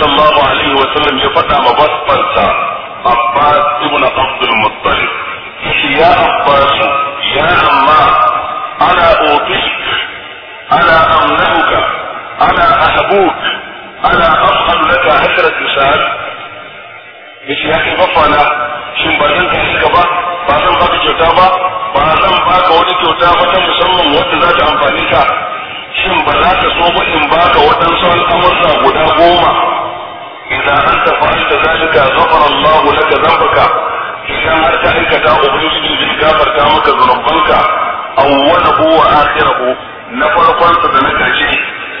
sallallahu alaihi wa sallam ya faɗa ma basbansa Abbas ibn Abdul Muttalib yace ya Abbas ya amma ana utik ana amnahuka ana ahbuk ana afhal laka hasrat sa'ad yace ya kai bafana shin ba zan kai ka ba ba zan baka kyauta ba ba zan baka wani kyauta ba ta musamman wanda za ta amfani ka shin ba za ka so ba in baka waɗansu al'amurra guda goma idan an tafi an ta zalika zafara Allah laka zambaka idan har ta aikata ubangiji zai gafarta a zunubanka awwalahu wa akhirahu na farkon sa da na kashi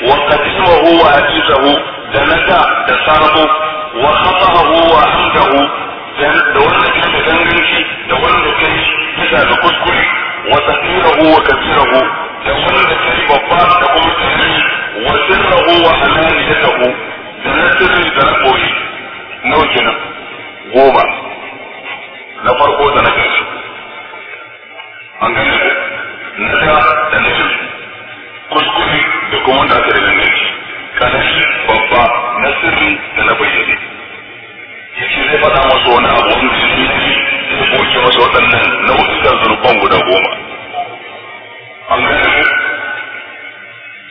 wa qadimahu wa hadisahu da na da da sarfu wa khatahu wa amdahu da wanda ke da danganci da wanda ke da kuskure da wanda ke da kuma tsari da na sirri da na koyi nawa kenan goma na farko da na ƙarshe an gane ku na da da na jin kuskure da kuma da aka daga nan ci kanashi babba na sirri da na bayyane ya ce zai faɗa masu wani abu wanda ya yi ya goce masa waɗannan nau'ikan zunuban guda goma an gane ku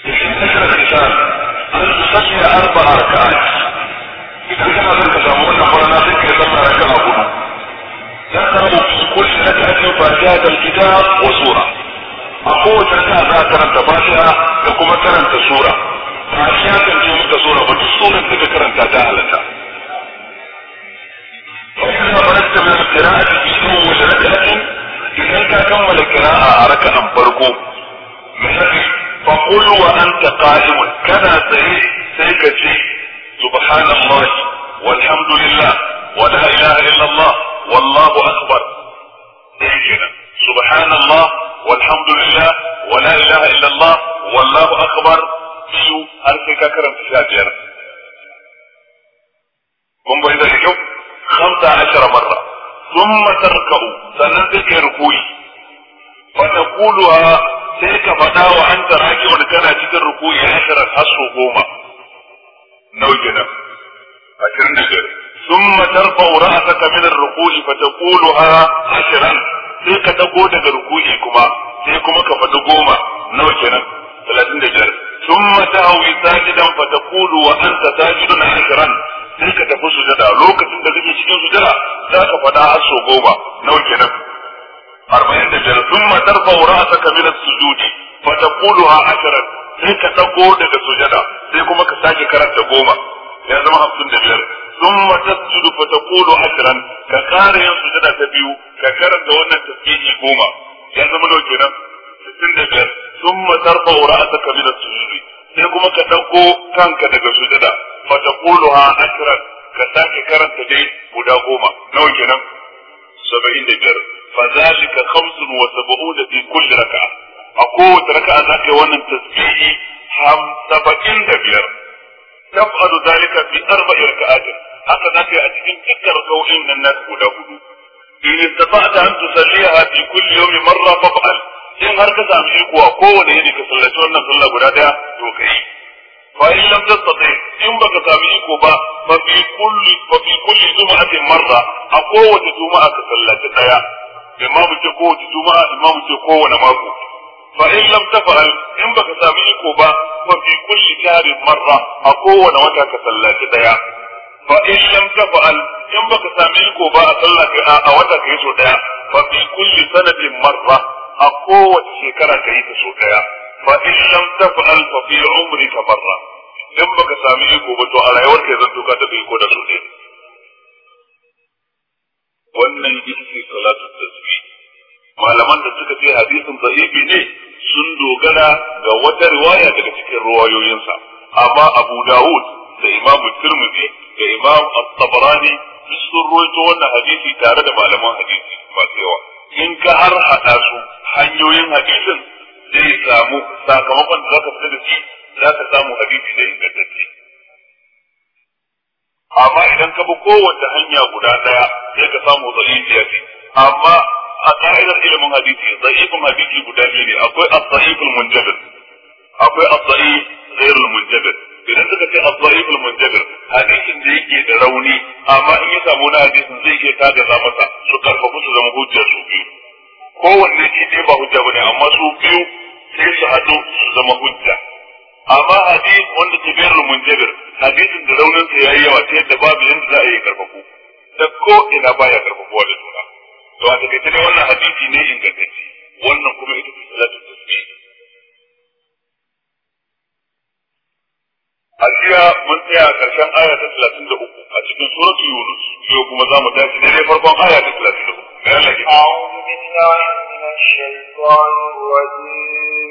ya ce na shirar an sanya arba arka'a idan kana son ka samu wannan kwana sai ka sallah raka'a hudu za ka samu kullu raka'atin fatiha da kitab wa sura a kowace raka'a za ka karanta fatiha da kuma karanta sura ba shi ya kance maka sura ba duk surar da ka karanta ta halatta وإذا فرغت من القراءة في أول ركعة إذا كان كمل القراءة ركعا فرقوا من fa qul wa kana tsaye sai ka ce subhanallahi walhamdulillah wa la sai ka faɗa wa an taraki wani kana cikin ruku'i ashirin har su goma nau A ashirin da biyar ثم ترفع رأسك Fata الركوع فتقولها عشرا sai ka dago daga ruku'i kuma sai kuma ka faɗi goma nawa kenan talatin da biyar sun mata hawi sajidan fa ta kulu wa an ta sajidun ashiran sai ka tafi sujada lokacin da kake cikin sujada za ka faɗa har so goma nawa arba'in da biyar sun matar faura a saka minar sujudi fa ta kuluha ashirar sai ka ɗago daga sujada sai kuma ka sake karanta goma ya zama hamsin da biyar sun matar sujudu fa ta kulu ka ƙara yin sujada ta biyu ka karanta wannan tasbihi goma ya zama nau kenan sittin da biyar sun matar a saka sujudi sai kuma ka kanka daga sujada fa ta kuluha ka karanta guda goma saba'in da biyar fa zalika khamsun wa sab'una fi kulli raka'a a kowace raka'a za ka yi wannan tasbihi saba'in da biyar taf'alu zalika fi arba'i raka'atin haka za ka a cikin dukkan raka'o'in nan nasu guda hudu in istata'ta an tusalliha fi kulli yawmin marra fa'al har ka sami iko a kowane yini ka sallaci wannan sallah guda daya to kai fa in baka sami iko ba fa fi kulli marra a kowace juma'a ka daya imma mu ko wace juma'a imma mu ko wane mako fa in lam tafa'al in baka sami iko ba fa fi kulli shahrin marra a kowane wata ka sallaci daya fa in lam tafa'al in baka sami iko ba a sallah a wata ka yi so daya fa fi kulli sanadin marra a kowace shekara ka yi ta so daya fa in lam tafa'al fa fi ka marra in baka sami iko ba to a ka zan yanzu ta tafi ko da su ne. wannan ita salatu tasbih malaman da suka ce hadisin sahihi ne sun dogara ga wata riwaya daga cikin ruwayoyinsa. amma Abu Dawud da Imam Tirmidhi da Imam At-Tabarani sun ruwaito wannan hadisi tare da malaman hadisi masu yawa in ka har hada su hanyoyin hadisin zai samu sakamakon da zaka fita da shi zaka samu hadisi da ingantacce amma idan ka bi kowace hanya guda daya sai ka samu zaifi ya amma a ka'idar ilimin hadisi zaifin hadisi guda biyu ne akwai as-sahihul munjabir akwai as-sahih ghairul munjabir idan suka ce as-sahihul munjabir hadisin da yake da rauni amma in ya samu na hadisin zai iya tagaza masa su karfafu su zama hujjar su biyu kowanne shi ne ba hujja bane amma su biyu sai su haɗu su zama hujja amma hadis wanda ke bayar da munjabir hadisin da raunin sa yayi yawa ta yadda babu yanda za a yi karfafu da ko ina baya karfafuwa da juna to a take ne wannan hadisi ne ingantacce wannan kuma ita ce salatu tasbih a jiya mun tsaya a ƙarshen aya ta 33 a cikin suratul yunus yau kuma za mu tashi daidai farkon aya ta 33 ga Allah ke أعوذ بالله من الشيطان الرجيم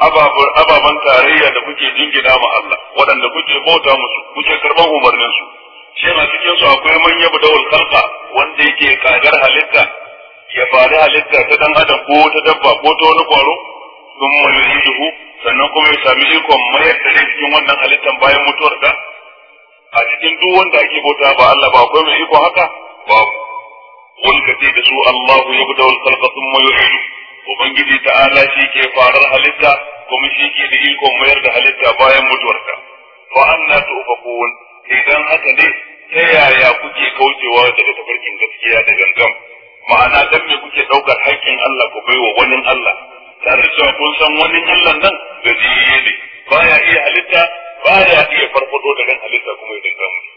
Ababan tarayya da kuke jingina ma Allah waɗanda kuke bauta musu kuke karban umarnin su shi na cikin su akwai manya budawul dawul wanda yake kagar halitta ya fari halitta ta dan adam ko ta dabba ko ta wani kwaro sun mulhihu sannan kuma ya sami ikon mayar da cikin wannan halittan bayan mutuwar ta a cikin duk wanda ake bauta ba Allah ba akwai mai iko haka ba wani kace da su Allah ya bu dawul sun thumma yuhyihi ubangiji ta'ala shi ke farar halitta kuma shi ke da iko mayar da halitta bayan mutuwarka fa anna tufakun idan haka ne ta yaya kuke kaucewa daga tafarkin gaskiya da gangan ma'ana dan me kuke daukar haƙƙin Allah ku baiwa wani Allah tare da kun san wani Allah nan da jiye ne baya iya halitta baya iya farfado da ran halitta kuma idan ta mutu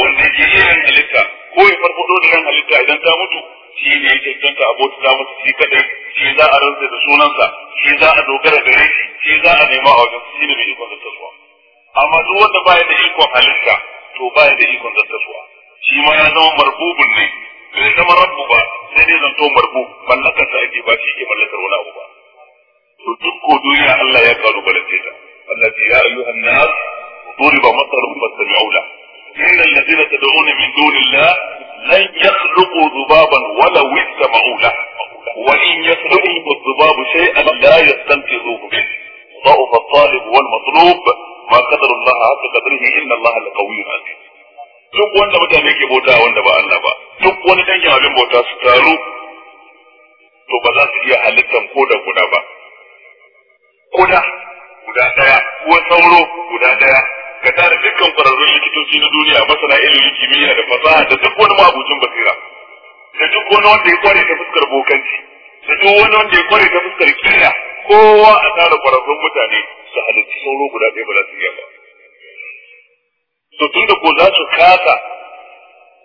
wanda yake iya halitta ko ya farfado da ran halitta idan ta mutu shi ne ya cancanta a bauta masa shi kadai shi za a rantsa da sunansa shi za a dogara gare shi shi za a nema a wajen shi ne mai ikon zartaswa amma duk wanda baya da ikon halitta to baya da ikon zartaswa shi ma ya zama marbubun ne bai zama Rabu ba sai dai zanto marbu mallakarsa ake ba shi ke mallakar wani abu ba to duk ko duniya Allah ya kalubalance ta Allah ya ayyuhan nas ضرب مثل فاستمعوا له إن الذين تدعون من دون الله لن يخلقوا ذبابا ولو اجتمعوا له وإن يخلقوا الذباب شيئا لا يستنقذوه منه ضعف الطالب والمطلوب ما قدر الله حق قدره إن الله لقوي عزيز duk wanda mutane ke bauta wanda ba Allah ba duk wani dangin abin bauta su taru to ba za su iya halittan ko da guda ba guda guda daya ko sauro guda daya ka tare dukkan kwararrun likitoci na duniya masana ilimin kimiyya da fasaha da duk wani mabucin basira da duk wani wanda ya kware ta fuskar bokanci da duk wani wanda ya kware ta fuskar kiyaya kowa a tare kwararrun mutane su halarci sauro guda ɗaya ba za su iya ba to tun da ko za su kasa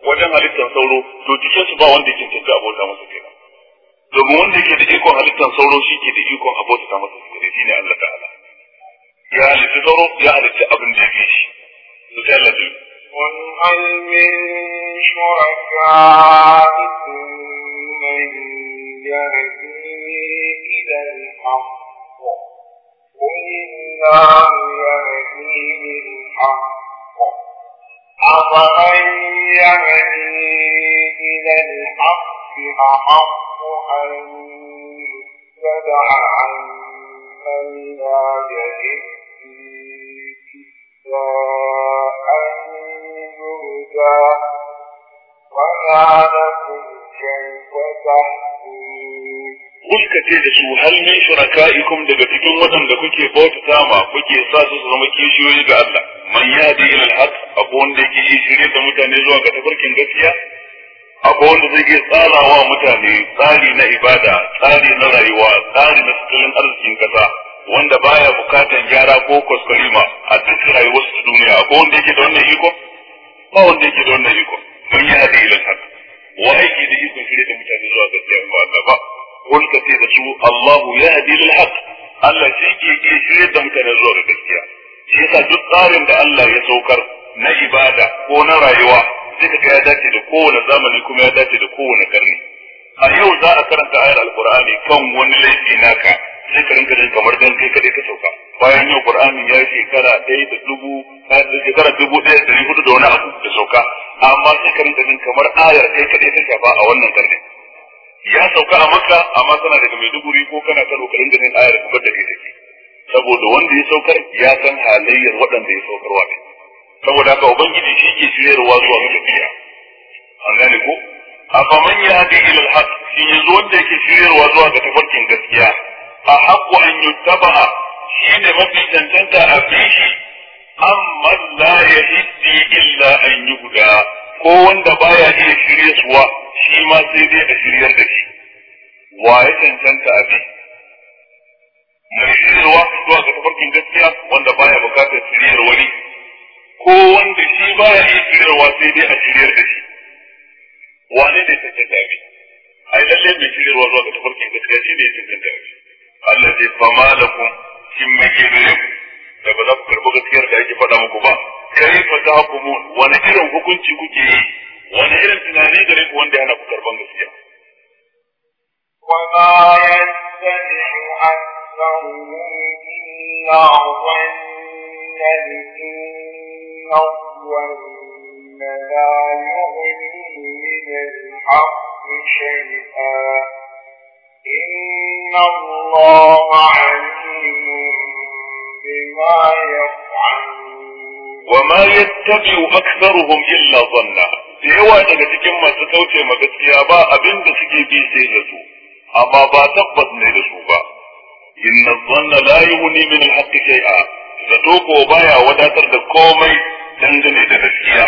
wajen halittar sauro to jikin su ba wanda ke tafi abota masa kenan domin wanda yake da ikon halittar sauro shi ke da ikon abota masa kenan ne Allah ta'ala ya halitta ضرب ya halitta abin da yake shi to قل هل من شركائكم من يهدي إلى الحق قل الله يهدي للحق أفمن يهدي إلى الحق أحق أن يتبع من لا يهدي Kuska ce da su hal min shuraka'ikum daga cikin waɗanda kuke bauta ma kuke sa su zama kishiyoyi ga Allah. Man yahdi ila al-haq akwai wanda yake yi shirye da mutane zuwa ga tafarkin gaskiya akwai wanda zai iya tsara wa mutane tsari na ibada, tsari na rayuwa, tsari na tattalin arzikin kasa. wanda baya bukatan gyara ko kuskurima a duk rayuwarsa ta duniya akwai wanda yake da wannan iko ba wanda yake da wannan iko mun yi hada ilan haka wa aiki da ikon shirye da mutane zuwa gaskiya ko Allah ba kun ka ce da su Allahu ya hadi lil haqq Allah shi ke ke shirye da mutane zuwa ga gaskiya shi yasa duk tsarin da Allah ya saukar na ibada ko na rayuwa sai ka ya dace da kowane zamani kuma ya dace da kowane karni a yau za a karanta ayar alqur'ani kan wani laifi naka sai ka rinka jin kamar dan kai kadai ka sauka bayan yau qur'ani ya yi shekara ɗaya da dubu eh, shekara dubu ɗaya da dari hudu da wani abu da sauka amma sai ka rinka jin kamar ayar kai kadai ta shafa a wannan karni ya sauka a makka amma kana daga maiduguri ko kana ta ka rinka jin ayar kamar da kai take saboda wanda ya saukar ya san halayyar waɗanda ya saukarwa ne saboda haka ubangiji shi ke shiryarwa zuwa ga tafiya an gane ko afaman ya hadi ila alhaq shi yanzu wanda yake shiryarwa zuwa ga tafarkin gaskiya a haƙƙo an yi taba'a shi ne mafi cancanta a fi shi amma la ya hiddi illa an yi guda ko wanda baya iya shirye suwa shi ma sai dai a shiryar da shi wa ya cancanta a fi mai shiryarwa zuwa ga tafarkin gaskiya wanda baya bukatar shiryar wani ko wanda shi baya iya shiryarwa sai dai a shiryar da shi wane ne cancanta a fi ai lallai mai shiryarwa zuwa ga tafarkin gaskiya shi ne ya cancanta a fi Allah ce fa malakum kin muke gare ku da ba za ku karɓi gaskiyar da ake faɗa muku ba kai fa ta hukumun wani irin hukunci kuke yi wani irin tunani gare ku wanda yana ku karɓan gaskiya وما يستمع أكثرهم إلا ظنا إن الظن لا يغني من الحق شيئا إن الله عليم بما يفعلون وما يتبع أكثرهم إلا ظنا da yawa daga cikin masu kauce ma gaskiya ba abin da suke bi sai da su amma ba tabbas ne da su ba inna dhanna la yughni min al-haqqi shay'a zato ko baya wadatar da komai dangane da gaskiya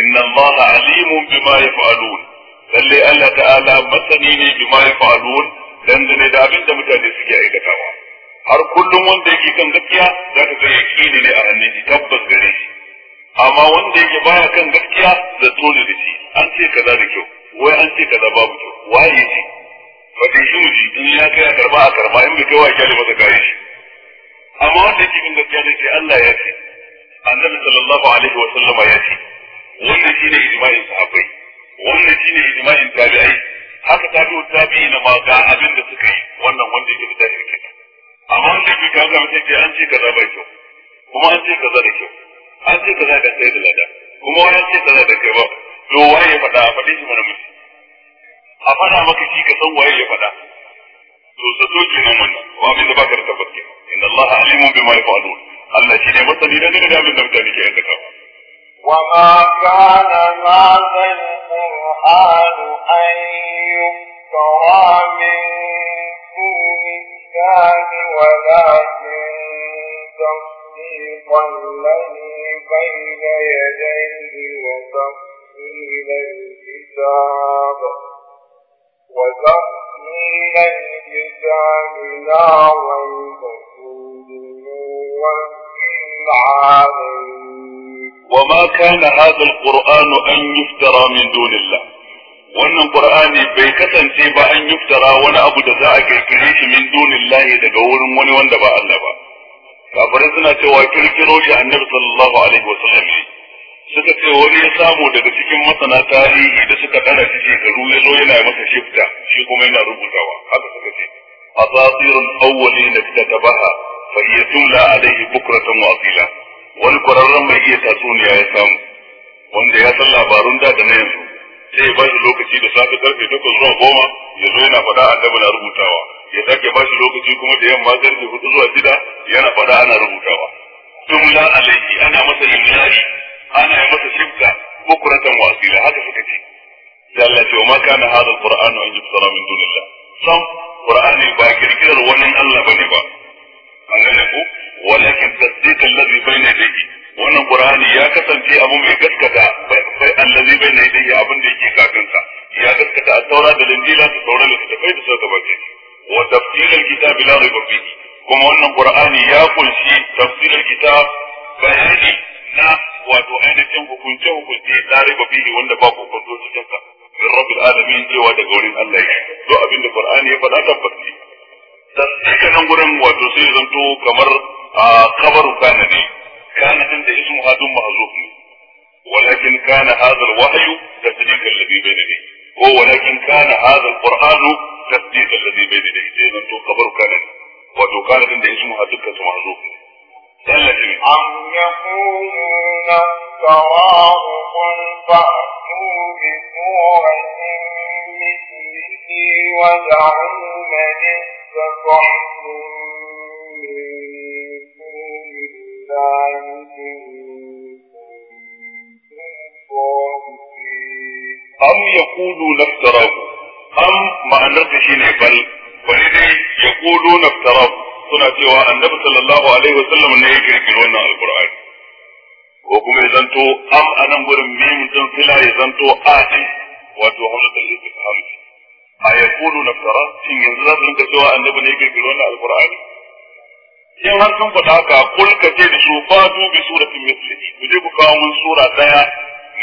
inna allaha alimun bima yaf'alun lalle Allah ta'ala masani ne bi ma yafalun dangane da abin da mutane suke aikatawa har kullum wanda yake kan gaskiya za ka ga yakini ne a hannun shi tabbas gare shi amma wanda yake baya kan gaskiya da tone da shi an ce kaza da kyau wai an ce kaza babu kyau waye ce fatin shi muji in ya kai a karba a karba in bai kai wa kyale masa kare shi amma wanda yake kan gaskiya ne ce Allah ya ce annabi sallallahu alaihi wa sallama ya ce wannan shine ijma'in sahabbai wannan shine ijma'in tabi'ai haka tabi'u tabi'i na ma ga abin da suka yi wannan wanda yake da shirki amma wanda yake kaga mutum ce an ce kaza bai kyau kuma an ce kaza da kyau an ce kaza da sai da lada kuma wani an ce kaza da kai ba to waye ya faɗa a faɗin shi mana musu a faɗa maka shi ka san waye ya faɗa to ke nan wannan ko abin da baka da tabbas kenan inna allaha alimun bima yafalun Allah shi ne masani da daga abin da mutane ke Wa ma kana ma هذا يحال أن يفترى من دون الله ولكن تصديق الذي بين يديه وتفصيل الكتاب وتفصيل الكتاب لا ريب فيه وفي العالم وما كان هذا القرآن أن يفترى من دون الله wannan qur'ani bai kasance ba an yuftara wani abu da za a kirkire shi min dunillahi daga wurin wani wanda ba Allah ba kafirai suna cewa kirkiro shi annabi sallallahu alaihi wasallam ne suka ce wani ya samu daga cikin masana tarihi da suka dana shi shekaru ya zo yana masa shifta shi kuma yana rubutawa haka suka ce asatirul awwalin da tabaha fa hiya tumla alaihi bukratan wa asila wani kwararren mai iya tatsuniya ya samu wanda ya san labarun da da na yanzu sai ya bashi lokaci da safe karfe takwas zuwa goma ya zo yana faɗa a na rubutawa ya sake bashi lokaci kuma da yamma karfe hudu zuwa shida yana faɗa ana rubutawa la alaihi ana masa imlari ana yi masa ko bukuratan wa asila haka suka ce sai Allah ce wa ma kana hadha alquran an yusara min dunillah sam qur'ani ba kirkirar wannan Allah bane ba an gane ku walakin tasdiq alladhi bayna yadayhi wannan qur'ani ya kasance abu mai gaskata bai allazi bayna yadayhi abin da yake kafin sa ya gaskata a taura da linjila da sauran littattafai da suka gabace wa tafsil alkitab la rayba fihi kuma wannan qur'ani ya kunshi tafsil alkitab bayani na wato ainihin hukunce hukunce la rayba fihi wanda ba ku kwanto cikin min rabbil alamin cewa daga wurin Allah yake abinda qur'ani ya faɗa tabbata tasdika nan gurin wato sai zanto kamar قبر آه، كان لي كان عند اسمها دم محذوف ولكن كان هذا الوحي تصديق الذي بين يديه هو ولكن كان هذا القرآن تصديق الذي بين يديه إذا تو قبر كان وتو كان عند اسم هذا محذوف أم يقولون افتراه قل فأتوا بسورة مثله ودعوا من استطعتم من am yaqulu naftarahu am ma'anar shi ne bal bari dai yaqulu naftarahu suna cewa annabi sallallahu alaihi wasallam ne ya kirkiro wannan alqur'ani ko kuma ya zanto am anan gurin mimin din fila ya zanto ati wato hamzatul istifham a yaqulu naftara shin yanzu za su rinka cewa annabi ne ya kirkiro wannan alqur'ani in har sun faɗa haka kul ka ce da su ba du bi suratin mislihi ku je ku kawo mun sura daya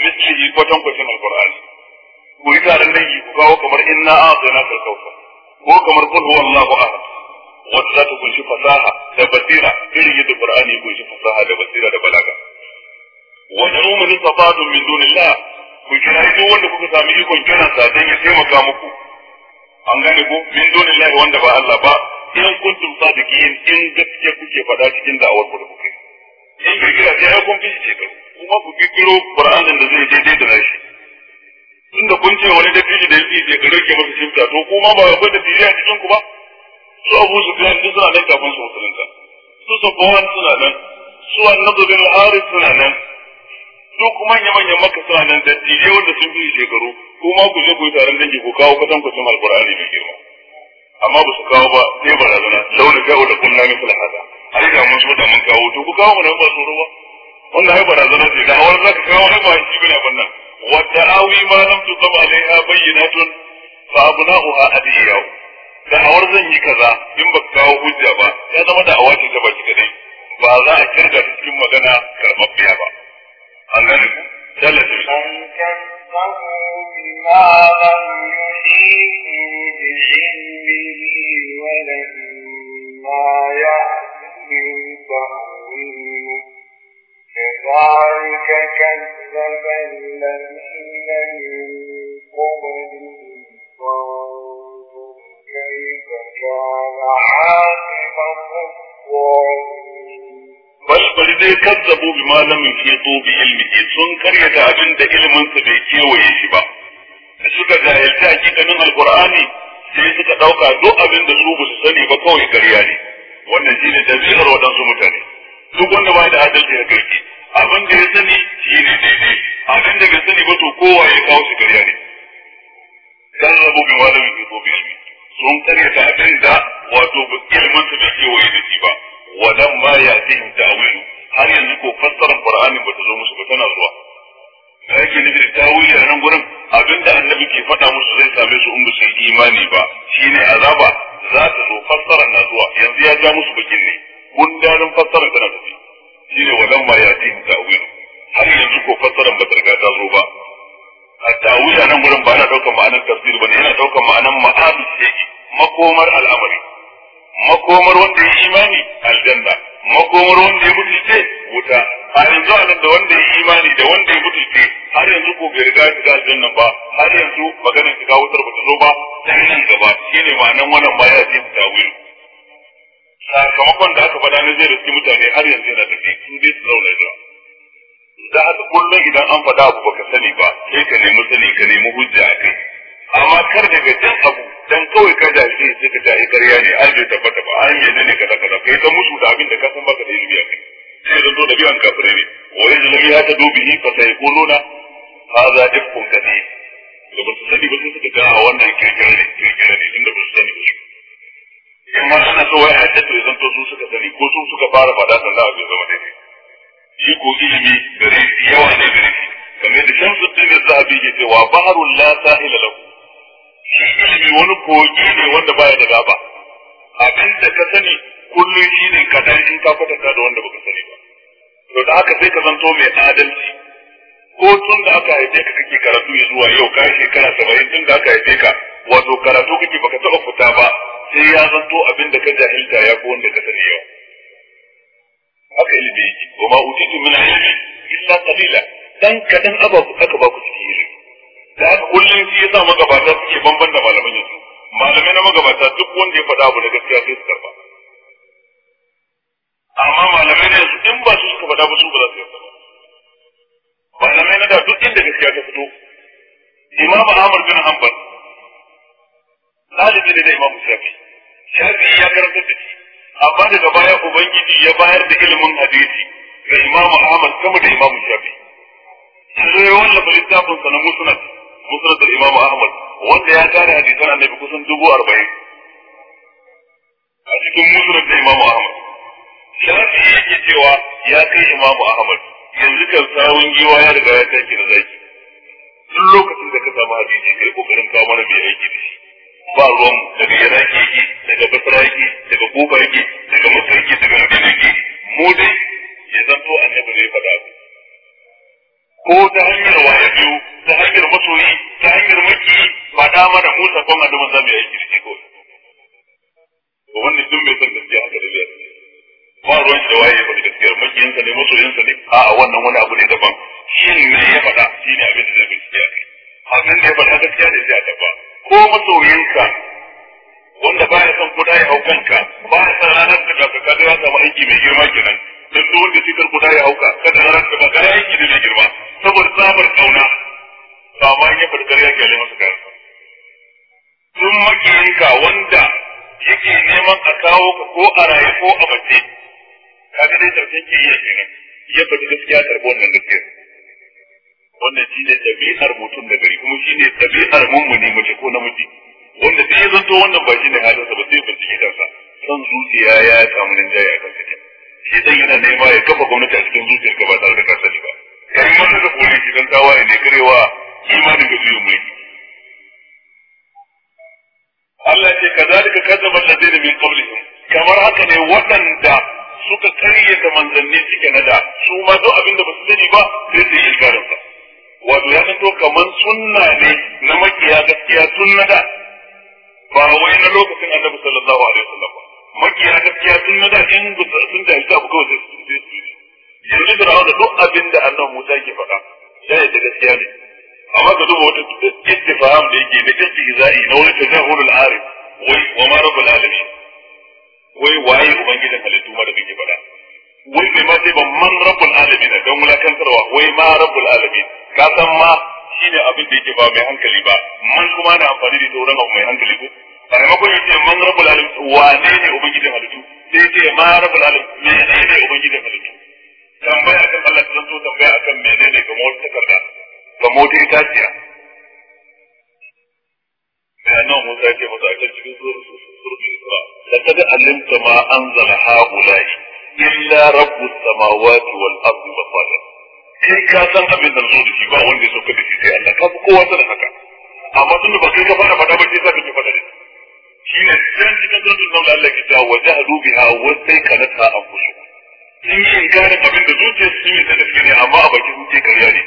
mislihi kwatan kwatan alqur'ani ku yi taron dangi ku kawo kamar inna a'tayna ka kawfar ko kamar kul allah ahad wanda za ta kunshi fasaha da basira irin yadda qur'ani ya kunshi fasaha da basira da balaga wa da'u min istata'tum min dunillah ku kira duk wanda kuka sami ikon kiransa don ya taimaka muku an gane ko min dunillahi wanda ba Allah ba in kuntum sadiqin in gaskiya kuke faɗa cikin da'awar ku da kuke in kirkira ce ya kun fice kai kuma ku kirkiro qur'anin da zai daidai da nashi da kun ce wani da fiye da yake je rike ke masa cinta to kuma ba akwai da fiye a cikin ku ba su Abu Sufyan duk suna nan kafin su musulunta su Sufyan suna nan su Annabi bin Harith suna nan duk manya manyan maka suna nan da wanda sun fi shekaru kuma ku je ku yi taron dangi ku kawo cin alkur'ani mai girma amma ba su kawo ba sai barazana launa kai da kunna misal hada ai da mun so su mun kawo to ku kawo mana ba tsoro ba wannan haifar barazana ce da za ka kawo ai ba shi bane abin nan wata awi ma lam ha bayyana tun fa abna'uha adiyaw da hawar zan yi kaza in ba kawo hujja ba ya zama da ce ta baki kadai ba za a kirga cikin magana karbabbiya ba an ne ku tallafi an kan bima lam yuhiku bi فلما يأتهم تأويله كذلك كذب الذين من قبلهم فانظر كيف كان عاقبة الظالمين بل bari dai kazzabu bi malamin fi bi ilmihi sun karyata abin da ilimin su bai kewaye shi ba da suka jahilta hakikanin alqur'ani sai suka ɗauka duk abin da su basu sani ba kawai ƙarya ne wannan shi ne ɗabi'ar waɗansu mutane duk wanda ba da adalci a gaske abin da ya sani shi ne daidai abin da ga sani ba to kowa ya kawo shi ƙarya ne dan rabu bi wala bi bi ilmi sun ta abin da wato ilmin su bai kewaye da shi ba wadan ma ya ta'wilu har yanzu ko fassarar qur'ani ba ta zo musu ba tana zuwa da yake nufi da tawili a nan gurin abinda annabi ke faɗa musu zai same su in ba imani ba shine azaba za ta zo fassara na zuwa yanzu ya ja musu bakin ne gundarin fassara tana tafi shine ma ya tin tawilu har yanzu ko fassaran ba ta riga ta zo ba a a nan gurin ba na ɗaukar ma'anar tafsir ba ne yana ɗaukar ma'anar ma'abi ce makomar al'amari makomar wanda ya imani aljanna makomar wanda ya mutunce wuta a yanzu a nan da wanda ya imani da wanda ya mutunce har yanzu ko bai riga shiga nan ba har yanzu maganar shiga wutar ba ta zo ba sai nan gaba shi ne ma'anan wannan ba ya ji tawil sakamakon da aka faɗa na zai rasu mutane har yanzu yana tafi sun dai su zauna da da haka kullum idan an faɗa abu baka sani ba sai ka nemi sani ka nemi hujja a kai amma kar daga jin abu dan kawai ka shi sai ka jahi ƙarya ne an bai tabbata ba an yi ne kada kada kai ta musu da abin da ka san baka da ilimi a kai sai da zo da biyan fure ne wa yi lam dubi dubihi fa sayquluna hadha ifkun kathir da ba su sani ba sai suka ga ah, wannan kirkira ne kirkira ne da ba su sani ba in ma suna so wai haddatu ya zanto su suka sani ko su suka fara fada sannan ya zama daidai shi ko ilimi gare yawa ne gare shi kamar da shamsu da zahabi ke cewa baharul la sahila lahu shi ilimi wani kogi ne wanda baya da gaba abin da ka sani kullum shi ne kaɗan in ka kwatanta da wanda baka sani ba to da haka sai ka zanto mai adalci ko tun da aka haife ka kake karatu ya zuwa yau ka shekara saba'in tun da aka haife ka wato karatu kake baka taɓa fita ba sai ya zanto abin da ka jahilta ya ko wanda ka sani yau haka ilimi yake wa ma utitu min ilmi illa qalila dan kadan aka ba ku da haka kullum shi yasa magabata suke bambam da malaman yanzu malamai na magabata duk wanda ya faɗa abu da gaskiya sai su karba amma malamai na yanzu in ba su suka faɗa ba su ba za su yarda ba malamai na da duk inda gaskiya ta fito imamu amur bin hanbal ɗalibi ne da imamu shafi shafi ya karanta da shi amma daga baya ubangiji ya bayar da ilimin hadisi ga imamu amur kama da imamu shafi sai ya wallafa littafin sa na musulunci musnad al-imam ahmad wanda ya tare hadisan annabi kusan dubu arba'in a cikin musnad imam ahmad shafi yake cewa ya kai imam ahmad yanzu kan sawun giwa ya riga ya tashi da zaki duk lokacin da ka samu hadisi kai kokarin kawo mana mai aiki da shi ba ruwan daga iraki yake daga basra yake daga kufa yake daga masar yake daga madina yake mu dai ya zanto annabi ne faɗa ko ta hanyar wayaju biyu ta hanyar masoyi ta hanyar maki ba da mana musa sakon annabi za mu yi aiki shi ko to wannan duk mai san gaskiya a gare ba ruwan shi da waye ba da gaskiyar makiyinsa ne masoyinsa ne a'a wannan wani abu ne daban shin ne ya faɗa shi ne abin da ya bincike a kai da ya faɗa gaskiya ne sai a tabba ko masoyinka wanda ba son san ya hau kanka ba ya san ranar da ka kaga ya samu aiki mai girma kenan da duk wanda shi karkuta ya hauka kada na da ba yake da mai girma saboda sabar kauna ba ma ya fadi kare yake masa kai sun makiyinka wanda yake neman a kawo ka ko a raye ko a bace ka ga dai tarkin ke iya kenan ya fadi gaskiya tarbo wannan gaskiya wannan shi ne ɗabi'ar mutum da gari kuma shi ne ɗabi'ar mummuni mace ko namiji wanda sai ya zanto wannan ba shi ne halinsa ba sai bincike kansa san zuciya ya samu nan jaya kan kake shi zai yana nema ya kafa gwamnati a cikin ka ba tare da kasa sani ba kai ma da kore shi dan tawaye ne karewa imanin ga zuwa mai Allah ce kazalika kazzaba alladheena min qablihim kamar haka ne waɗanda suka kariye da manzanni suke nada su ma duk abin da ba su sani ba sai su yi karin sa wato ya zanto kamar sunna ne na makiya gaskiya tun da? ba wai na lokacin annabi sallallahu alaihi wasallam ba makiya gaskiya sun maza in sun da yalta ku kawai sun je su yanzu da rawa da duk abin da annabi Musa ke faɗa ya yadda gaskiya ne amma ka duba wata ittifaham da yake da istihza'i na wani tajahul al-arif wai wa ma rabbul alamin wai waye ubangijin halittu ma da kake faɗa wai bai ma sai ban man rabbul alamin dan wulakantarwa wai ma rabbul alamin ka san ma shine abin da yake ba mai hankali ba man kuma na amfani da sauran abu mai hankali ko maimakon yake ce man rabul alamin wane ne ubangijin halittu sai ya ce ma rabbul alamin menene ubangijin halittu tambaya akan Allah ta zanto tambaya akan menene ga mota takarda ga mota itaciya bayanan Musa ya ce masa akan cikin da Isra allin alimta ma an anzala haula'i illa rabbus samawati wal ardi qadir kai ka san abin da zo da shi ba wanda ya sauka da shi sai Allah ka fi kowa da haka amma tun da ba kai ka fara faɗa ba sai ka fi faɗa da shi shi ne can cikin suratul nahl Allah ke cewa wajahadu biha wa a anfusuhum sun yi inkarin abin da zuciyar sun yi da ne amma a bakin zuciya karya ne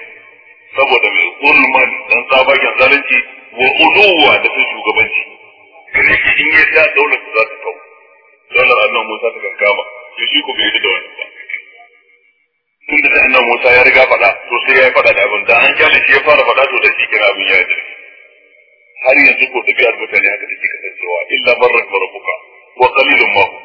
saboda mai ulman dan tsabagen zalunci wa uluwa da sun shugabanci gare shi in ya sha daular su za ta kau daular annan musa ta kankama ya shi ku bai da wani ba tun da annan musa ya riga faɗa to sai ya yi faɗa da abin da an kyale shi ya fara faɗa to da shi kira abin ya yi هل يزكو تبيع المتنى هكذا تلك تنسوا إلا برك وربك وقليل ما هو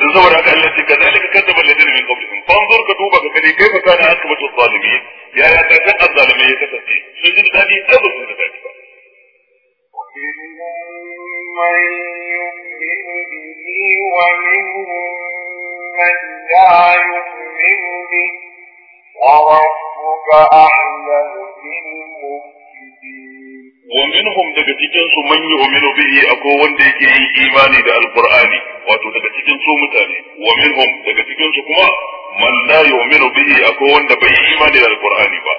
تنظر هكذا التي كذلك كتب الذين من قبلهم فانظر كتوبك كلي كيف كان عاقبة الظالمين يا يعني يا تفق الظالمية كتبتي سجد ذلك أبو من ذلك ومن ومنهم من لا يؤمن به وربك أحلى بالمفسدين wa minhum daga cikin su man yu'minu bihi akwai wanda yake yin imani da alqur'ani wato daga cikin su mutane wa minhum daga cikin kuma man la yu'minu bihi akwai wanda bai yi imani da alqur'ani ba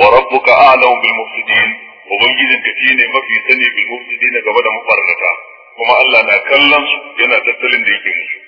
wa rabbuka a'lamu bil mufsidin ubangijin ka ne mafi sani game da mafarnata kuma Allah na kallon su yana tattalin da yake musu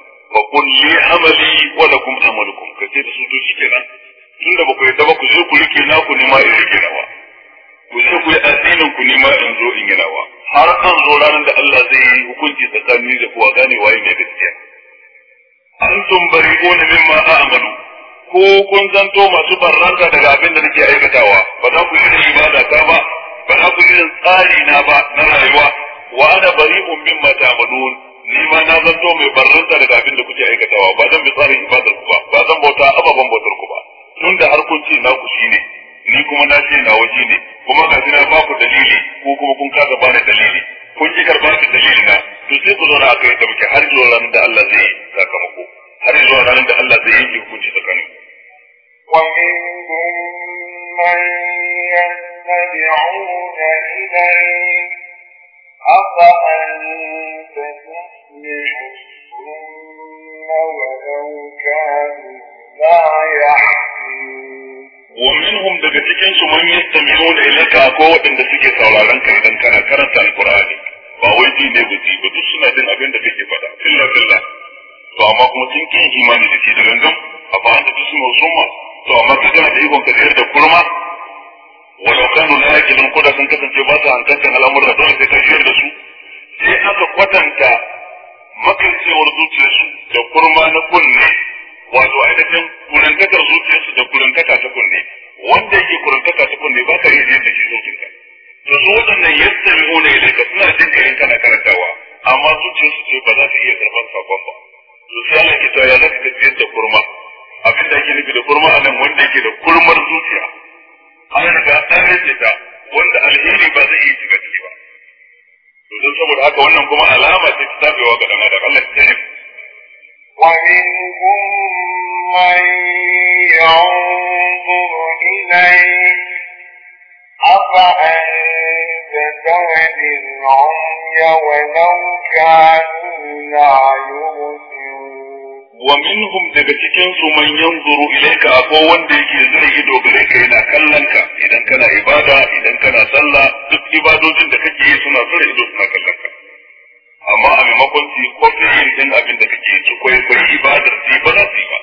wa qul li amali wa lakum amalukum kace da su to shikenan tunda ba ku yadda ba ku je ku rike na ku nima in rike nawa ku je ku yi addinin ku nima in zo in yi nawa har an zo ranar da Allah zai yi hukunci tsakanin da kuwa gane waye ne gaskiya antum bari'una mimma a'malu ko kun zanto masu barranta daga abin da nake aikatawa ba za ku irin ibada ta ba ba za ku irin tsari na ba na rayuwa wa ana bari'un mimma ta'malun nima na zanto mai barranta daga abin da kuke aikatawa ba zan bi tsarin ibadar ku ba ba zan bauta ababen bautar ku ba tun da har kun ce na ku shine ni kuma na ce na waje ne kuma ga na ba ku dalili ko kuma kun kasa ba ni dalili kun ki karba ki dalili na to sai ku zauna akai ta muke har zuwa ranar da Allah zai yi sakamako har zuwa ranar da Allah zai yanke hukunci tsakanin ومنهم من يستمعون إليك أفأنت تصلح الصم ولو كانوا لا يحكمون ومنهم daga cikin su mun yastami'un ilayka akwai waɗanda suke sauraron ka idan kana karanta alqur'ani ba wai ji ne ba ji ba duk suna jin abin da kake faɗa filla filla to amma kuma sun kin imani da shi da gangan a ba da su summa to amma kaga da ikon ka da kurma walau kanu la yake ko da sun kasance ba su hankalin al'amuran dole sai kafiyar da su sai aka kwatanta makancewar zuciyarsu da kurma na kunne wato ainihin kurantakar zuciyarsu da kurantaka ta kunne wanda yake kurantaka ta kunne ba ka yi jin da shi zuciyarka to su waɗannan yadda mai ona ka suna jin kayan kana karantawa amma zuciyarsu ce ba za su iya karɓar sakon ba to sai Allah ke ya za ka tafiyar da kurma abin da ake nufi da kurma a nan wanda yake da kurmar zuciya an da an ta wanda alheri ba zai iya shiga ciki ba to don saboda haka wannan kuma alama ce ta tabewa ga dan adam Allah ya tsare ومنهم من ينظر إليك أفأنت تهدي العمي ولو كانوا لا يبصرون wa minhum daga cikin su man yanzuru ilayka akwai wanda yake zai yi gare ka yana kallon ka idan kana ibada idan kana sallah duk ibadojin da kake yi suna zura ido suna kallon ka amma a maimakon su kofi yin din abin da kake yi kwaikwai ibadar su ba za su yi ba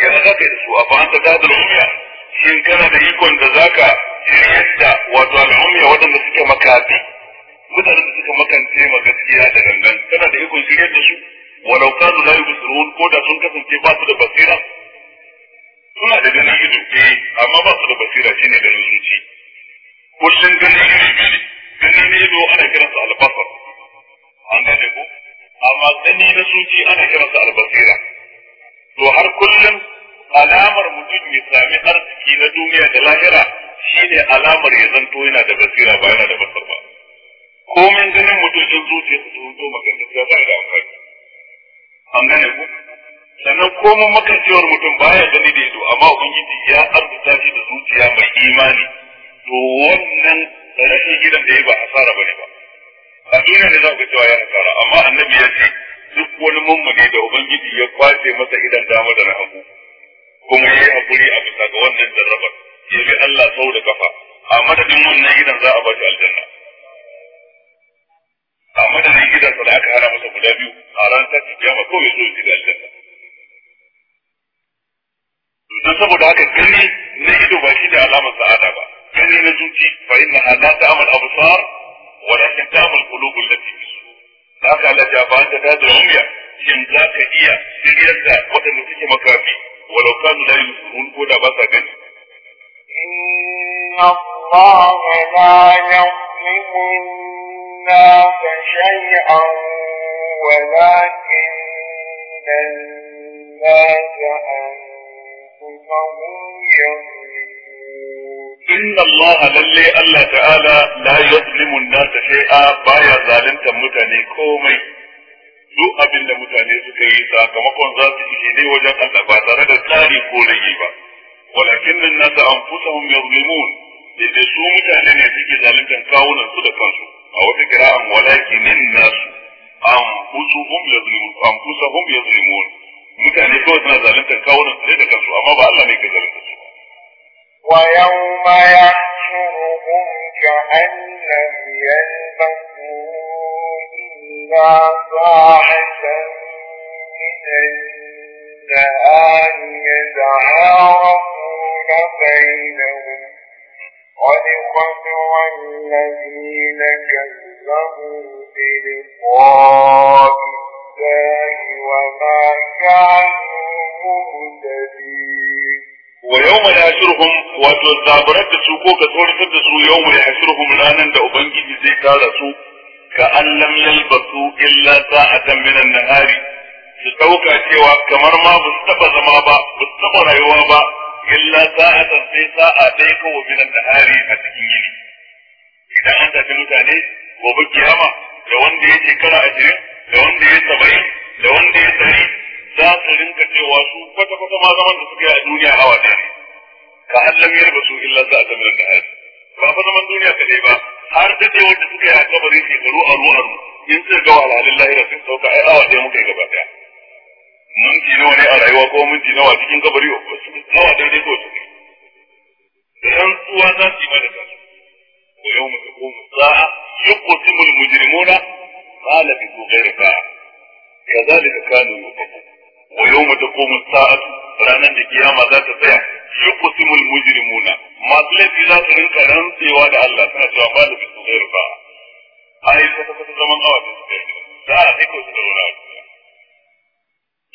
yana za ka yi su a fa an ta dadar umiya shin kana da ikon da za ka shiryar da wato al'ummiya waɗanda suke makafi mutanen da suka makance ma gaskiya da gangan kana da ikon shi yadda su walau kanu la yubsirun ko da sun kasance ba su da basira suna da ganin ido eh amma ba su da basira shi shine ganin zuci kullun ganin Gani ne ganin ido ana kiransa albasar an gane ko amma gani na zuci ana kiransa albasira to har kullum alamar mutum ya sami arziki na duniya da lahira shine alamar ya zanto yana da basira ba yana da basar ba komin ganin mutum in zuciya su zanto magana ba da amfani an gane ku sannan komai makancewar mutum baya gani da ido amma ubangiji ya arzuta shi da zuciya mai imani to wannan rashin gidan da ya ba asara bane ba a duniya ne za ku cewa ya asara amma annabi ya ce duk wani mummune da ubangiji ya kwace masa idan dama da na kuma ya yi hakuri a bisa ga wannan jarrabar ya Allah sau da kafa a madadin wannan gidan za a ba shi aljanna a madadin gidansa da aka hana masa guda biyu a ran ta kiyama kawai zo shiga aljanna don saboda haka gani na ido ba shi da alamar sa'ada ba gani na zuci fa inna la ta'mal absar walakin ta'mal qulub ta fi Na ka Allah ya ba ta da ummiya shin za ka iya shiryar da waɗanda suke makafi walau kanu la yusurun ko da ba sa gani إن الله لا يظلم الناس شيئا ولكن الناس أنفسهم يظلمون إن الله للي الله تعالى لا يظلم الناس شيئا بايا ظالمتا متاني كومي duk abin da mutane suka yi sakamakon za su ishe ne wajen Allah ba tare da tsari ko rage ba walakin nan nasa anfusahum yuzlimun da su mutane ne suke zaluntar kawunan su da kansu a wata kira'an walakinin nasu anfusuhum yazlimun anfusahum yazlimun mutane kawai suna zaluntar kawo nan tare da kansu amma ba Allah ne ke zalunta su wa yawma yahshuruhum ka'an lam yalbasu illa sa'atan min النهار يتعارفون بينهم ولخسر الذين كذبوا بلقاء wato zaburar da su ko ka tsoratar da su yau mai hashirhum ranar da ubangiji zai kara su ka an lam yalbasu illa sa'atan min an-nahari su ɗauka cewa kamar ma ba su taba zama ba ba su taɓa rayuwa ba illa sa'atan sai sa'a ɗaya kawai binan da hari a cikin yini idan an tafi mutane gobe kiyama da wanda ya shekara ashirin da wanda ya saba'in da wanda ya sani za su rinka cewa su kwata-kwata ma zaman da suka yi a duniya hawa ɗaya ne ka hallam ya su illa a binan da hari ba fa zaman duniya kaɗai ba har da dai wanda suka yi a kabarin shekaru a aru in suka ga wa alhalin lahira sun sauka ai awa ɗaya muka yi gaba ɗaya minti nawa ne a rayuwa ko minti nawa cikin kabari nawa daidai ko su da yan tsuwa za su yi ba da kansu ko yau mu ko mu sa'a yuqsimu al-mujrimuna qala bi ghayri ka kadhalika kanu yufaku wa yawma taqumu as-sa'atu ranan da kiyama za ta tsaya yuqsimu al-mujrimuna masu laifi za su rinka rantsewa da Allah ta cewa ba da bi ghayri sa'a ai ta ta zaman awa da ta ta da a ko su da wani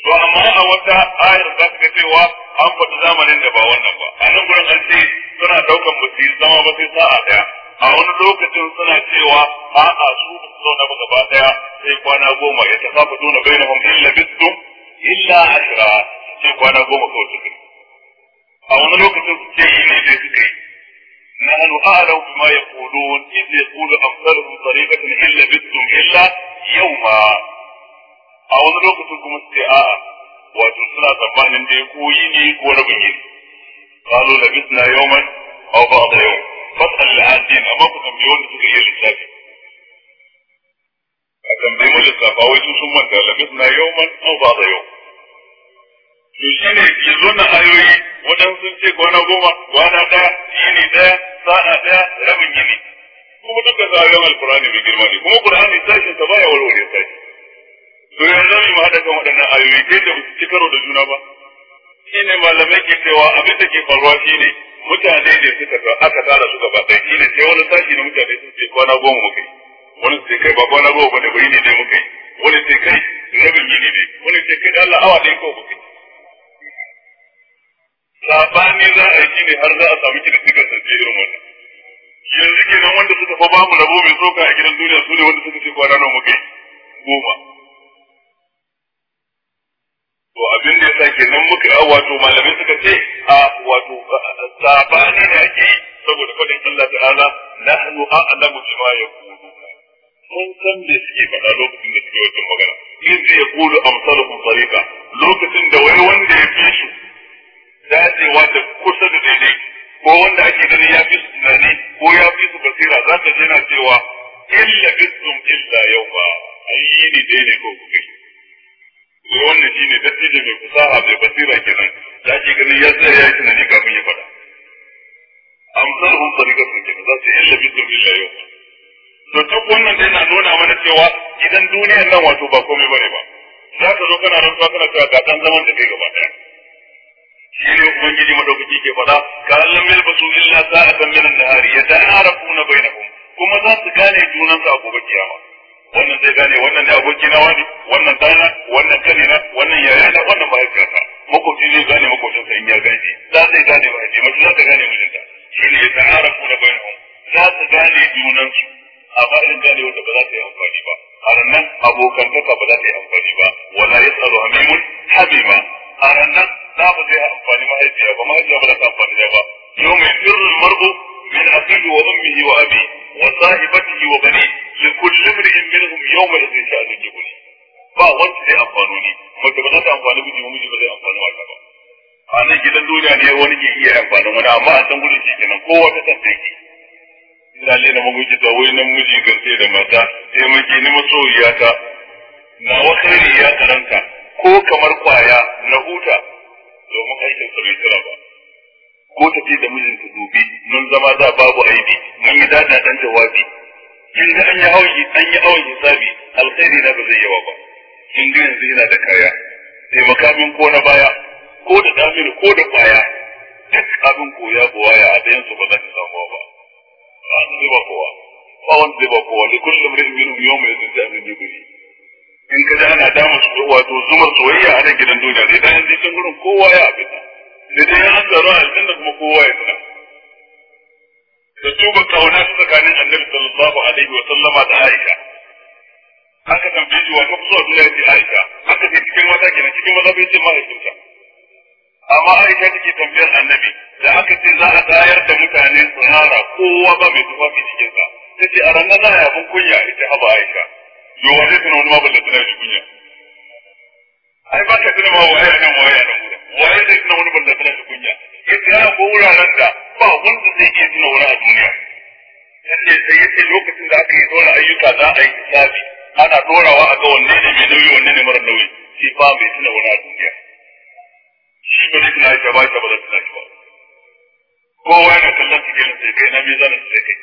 to amma a wata ayar za ka ga cewa an faɗi zamanin da ba wannan ba a nan gurin an suna ɗaukan ba su yi zama ba sai sa'a ɗaya a wani lokacin suna cewa a'a su ba su zauna ba gaba ɗaya sai kwana goma ya tafafa duna bai na hamu illa bistum illa ashira sai kwana goma kawai suka a wani lokacin su ce yi ne dai suka yi نحن أعلم بما يقولون إذ يقول أمثالهم طريقة إن لبثتم إلا يوما a wani lokacin kuma su ce a'a wato suna tsammanin dai ya yi ne ko rabin yi kalu da bisna yawman aw ba'da yawm fasal al-adin amma ku tambaye wanda suka yi lissafi a tambaye mu lissafa wai su sun manta la bisna yawman aw ba'da yawm to shine yanzu na ayoyi wadan sun ce kwana goma kwana daya yini daya sa'a daya rabin yini kuma dukkan ayoyin alqur'ani mai girma ne kuma qur'ani sashin sa baya walwale sashi to ya zama mu haɗa kan waɗannan ayoyi ke da ba su ci karo da juna ba shi ne malamai ke cewa abin da ke faruwa shi ne mutane ne suka ga aka tara su gaba ɗaya shi ne sai wani sashi na mutane sun ce kwana goma mu kai wani sai kai ba kwana goma bane bai ne dai mu kai wani sai kai rabin yi ne wani sai kai da Allah awa ɗaya ko mu kai sabani za a yi shi ne har za a samu kiɗa suka sarje irin wannan yanzu kenan wanda suka fa bamu rabo mai tsoka a gidan duniya su ne wanda suka ce kwana nawa mu kai goma abin da yasa kenan muka wato malamai suka ce a wato sabani ne ake saboda fadin Allah ta'ala nahnu a'lamu ya yaquluna mun san me suke faɗa lokacin da suke wajen magana in zai yaqulu amsaluhum tariqa lokacin da wani wanda ya fi su dacewa da kusa da daidai ko wanda ake gani ya fi su tunani ko ya fi su basira za ka je na cewa illa bisum illa yawma yi ni daidai ko kuke wai wannan shine dattijo mai fasaha mai basira kenan da ake ganin ya tsaya ya yi tunani kafin ya faɗa amsar hun sarika sun kenan za su yi labi sun illa yau to duk wannan dai na nuna mana cewa idan duniyar nan wato ba komai bane ba za ka zo kana rantsuwa kana cewa ga dan zaman da kai gaba daya shi ne ubangiji madaukaki ke faɗa ka allam yalbasu illa sa'atan min an-nahari bai na kuma za su gane junansu a gobe kiyama wannan zai gane wannan ne aboki na wani wannan dana wannan kanina wannan yaya na wannan mahaifiyata makoci zai gane makocinsa in ya gani za zai gane mahaifi mace za ta gane mijinta shi ne ya ta'arafu bayan bainahum za ta gane junansu A irin gane wanda ba za ta yi amfani ba a nan abokantaka ba za ta yi amfani ba wala ya tsaro hamimun habima a nan za ba zai amfani mahaifiya ba mahaifiya ba za ta amfani da ba yau mai irin mar'u min akili wa ummihi wa abi وصاحبته وبنيه لكل امرئ منهم يوم اذن شأن يجبني ba wanda zai amfano ni mace ba za ta amfani miji miji ba zai amfani wata ba a nan gidan duniya ne wani ke iya amfani wani amma a san gudun shi kenan kowa ta san ina le na mamaki ta wai nan miji garke da mata sai miji ni masoyiya na wata ne ya ko kamar kwaya na huta domin aikin sa bai tsira ba ko ta ce da mijinta dubi mun zama da babu aibi mun yi dada dan jawabi in ga an yi hauji an yi hauji hisabi alkhairi na ba zai yawa ba in ga yanzu yana da kaya taimaka min ko na baya ko da damir ko da baya duk abin koya buwa a ɗayan su ba za ka samu ba ba an zai ba kowa ba wanda zai ba kowa da kullum rikin yin yau mai zai zai abin jibiri in ka da ana damar su wato zumar soyayya a nan gidan duniya ne dan yanzu sun gurin kowa ya abin nan da dai an tsaro a aljanna kuma kowa ya tsara da tuba kauna ta tsakanin annabi sallallahu alaihi wa sallama da aisha aka tambaye shi wa ta fito duniya ce aisha aka ce cikin mata kenan cikin maza bai ce mahaifinta amma aisha take tambayar annabi da haka ce za a tayar da mutane tsirara kowa ba mai tufafi cikin ta ce a ranar na yabin kunya ita haba aisha yau wane tunan wani ma ballantana shi kunya ai ba ka tunawa wa ayyana wa ayyana waye zai tuna wani balla kana kunya yace ya ko wuraren da ba wanda zai iya tuna wani a duniya yace sai yace lokacin da aka yi dora ayyuka za a yi hisabi ana dorawa a ga wanne ne mai nauyi wanne ne mara nauyi shi ba mai tuna wani a duniya shi ba zai tuna shi ba shi ba zai tuna shi ba kowa yana kallon cikin gelin sai kai na me zanen sai kai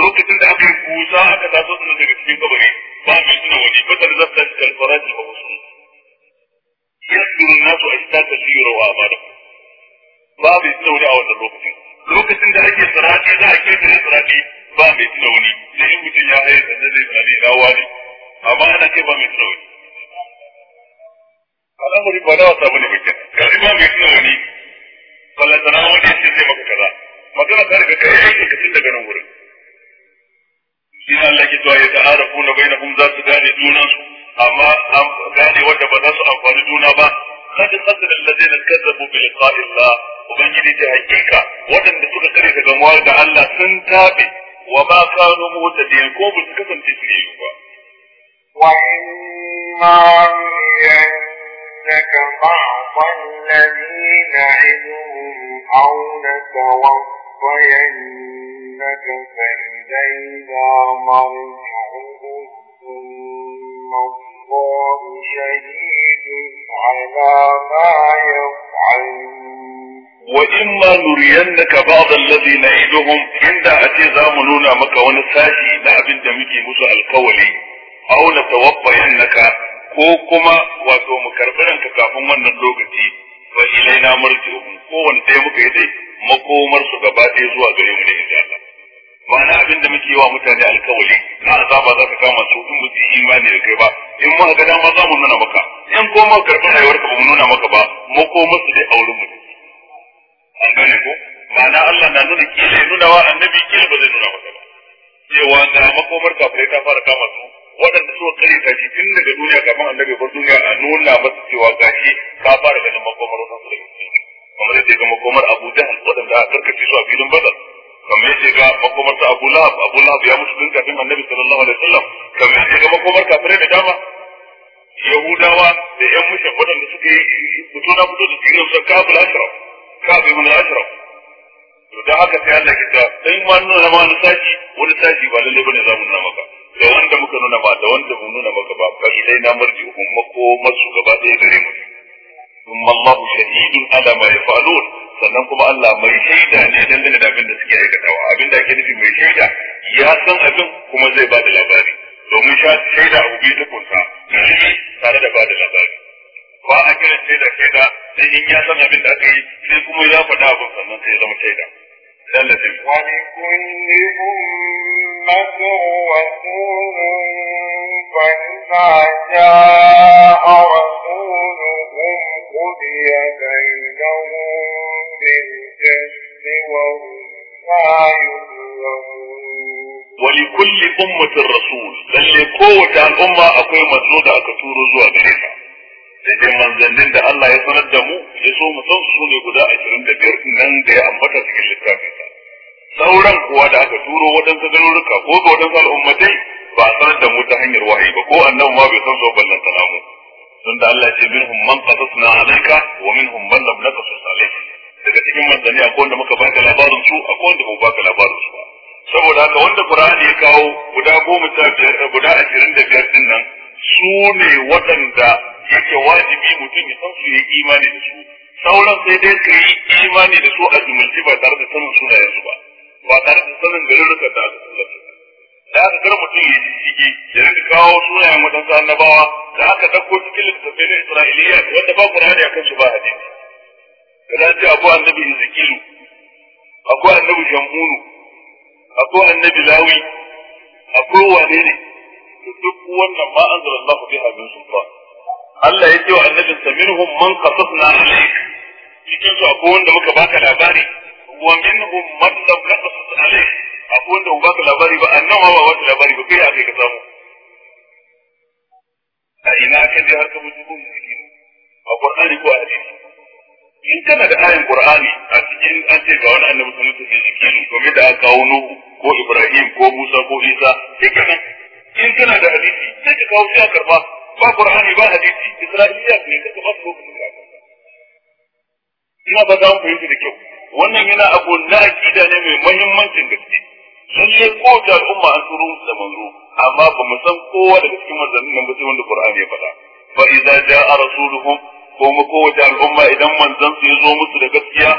lokacin da aka yi kusa aka taso daga cikin kabari ba mai tuna wani ba ta da zafta shi kalfarati ba wasu yasbiru nasu ashtaka liyura wa amana babu wani a wannan lokacin lokacin da ake sarati za a kirkira sarati ba mai wani. sai in mutum ya haye sanda zai sarati na wani amma ana ce ba mai wani al'amuri ba na wasa bane mutum yanzu ba mai wani. tsauri na wani yake zai maka kaza magana ta daga kai yake ka tun daga nan wurin Ina Allah ke na ya na kuma za su gane junansu اما an gane wanda ba za su amfani juna ba قد خسر الذين كذبوا بلقاء الله وبنجد تهجيكا وطن تسوك تريد جموال دا الله سنتابي وما كانوا مهتدين كوب الكفن تسليم وإما ينك بعض الذين عدوهم أو نتوفينك فإلينا مرجعهم والله شهيد على ما يفعلون وإما نرينك بعض الذي نعدهم عند أتي نونا مك ونساشي نعبد دمكي مسو القولي أو نتوفينك ko kuma wato mu karɓi kafin wannan lokaci fa ilaina marji'uhum muka yi dai makomar su gaba ɗaya zuwa gare mu ma'ana abin da muke yi wa mutane alkawali na azaba za ka kama su in yi imani da kai ba in muka ga dama za mu nuna maka in ko muka karɓi rayuwar ka ba mu nuna maka ba mu ko musu dai auren mutum. an gane ko ma'ana Allah na nuna kila nuna wa annabi kila ba zai nuna maka ba cewa ga makomar kafirai ta fara kama su waɗanda suka kare ta shi tun daga duniya kafin annabi bar duniya a nuna masu cewa gashi ka fara ganin makomar wasan su da kamar yadda ga makomar Abu Jahl waɗanda aka karkace su a filin Badar kamar yadda ga makomarsa Abu Lahab Abu Lahab ya mutu tun kafin Annabi sallallahu alaihi wasallam kamar yadda ga makomar kafirai da dama Yahudawa da ƴan mushin waɗanda suka yi fito na fito da jirin sa kabul ashraf kabul min ashraf to da haka sai Allah kita dai ma nuna ma wani sashi wani sashi ba lalle bane za mu nuna maka da wanda muka nuna ba da wanda mu nuna maka ba fa ilai na marji umma ko masu gaba ɗaya gare mu ثم الله شهيد على ما يفعلون sannan kuma Allah mai shaida ne dangane da abin da suke aikatawa abin da ake nufi mai shaida ya san abin kuma zai ba da labari domin shaida abu biyu ta kunsa tare da ba da labari ba a kiran shaida shaida sai in ya san abin da aka yi sai kuma ya faɗa abin sannan sai ya zama shaida lallafin ولكل أمة رسول فإذا جاء رسولهم وقضي بينهم بالقسط وهم لا يظلمون ولكل أمة الرسول بل لقوة الأمة أقوى مزنودة أكتور زوى بريكا da manzannin da Allah ya sanar da mu ya so mu su ne guda ashirin da biyar nan da ya ambata cikin littafinsa sauran kuwa da aka turo waɗansu garuruka ko ga waɗansu al'ummatai ba a sanar da mu ta hanyar waye ba ko a nan ma bai san su ballan salamu don da Allah ce minhum man qasasna alayka wa minhum man lam naqsus alayka daga cikin manzanni akwai wanda muka baka labarin su akwai wanda ba baka labarin su ba saboda haka wanda Qur'ani ya kawo guda goma sha biyar eh, guda ashirin da biyar din nan su ne waɗanda yake wajibi mutum ya san su ya imani da su sauran sai dai ka yi imani da su a jumulci ba tare da sanin sunayen su ba ba tare da sanin garurukan da aka tsallaka da aka kar mutum ya yi ciki ya rinka kawo sunayen waɗansu annabawa da aka ɗauko cikin littattafai na Isra'iliya wanda ba ku Qur'ani a kansu ba a hadisi. Kada ce akwai annabi Ezekielu, akwai annabi shamunu akwai annabi Lawi, akwai wane ne duk wannan ma an zara Allah biha sun ba Allah ya ce wa annabin sa humman man na alaik cikinsu akwai wanda muka baka labari wa minhum man lam qasas alaik akwai wanda ba ka labari ba annan ma ba wata labari ba kai aka ka samu a ina aka je har ka mutu ko musulmi a qur'ani ko a hadisi in kana da ayin qur'ani a cikin an ce ga wani annabi sun tafi jikin to me da aka kawo nuhu ko ibrahim ko musa ko isa nan, in kana da hadisi sai ka kawo shi a karba ba qur'ani ba hadisi isra'iliya ne kuma ba su ina ba za mu fahimta da kyau wannan yana abu na akida ne mai muhimmancin gaske lalle ko da al'umma an turo musu da manzo amma ba mu san kowa daga cikin manzannin nan ba sai wanda Qur'ani ya faɗa fa idza jaa rasuluhum ko mu ko da al'umma idan manzon su ya musu da gaskiya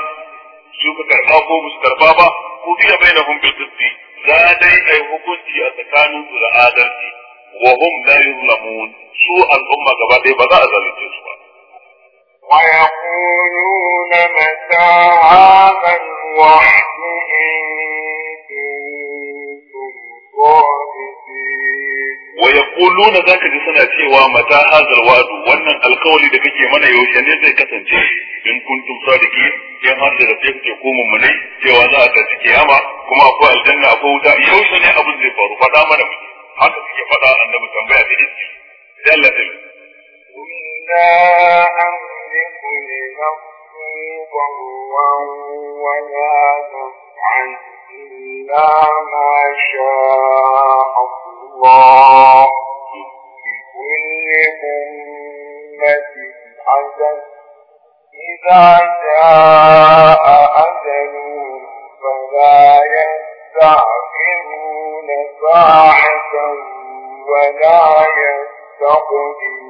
su ka karba ko musu karba ba ko biya bainahum bil qisti za dai ai hukunci a tsakanin su da adalci wa hum la yuzlamun su al'umma gaba ɗaya ba za a zalunce su ba ويقولون متى هذا الوعد إن wa yaquluna zaka ji suna cewa mata hazal wa'du wannan alkawali da kake mana yaushe ne zai kasance in kuntum sadiqin in har da gaske kuke ko mummunai cewa za a tafi kiyama kuma akwai aljanna akwai wuta yaushe ne abin zai faru faɗa mana haka suke faɗa annabi tambaya da iski sai Allah ta la amliku li nafsi wa la nafsi إلا ما شاء الله لكل أمة عدد إذا جاء أجلهم فلا يستعجلون صاحبا ولا يستقدمون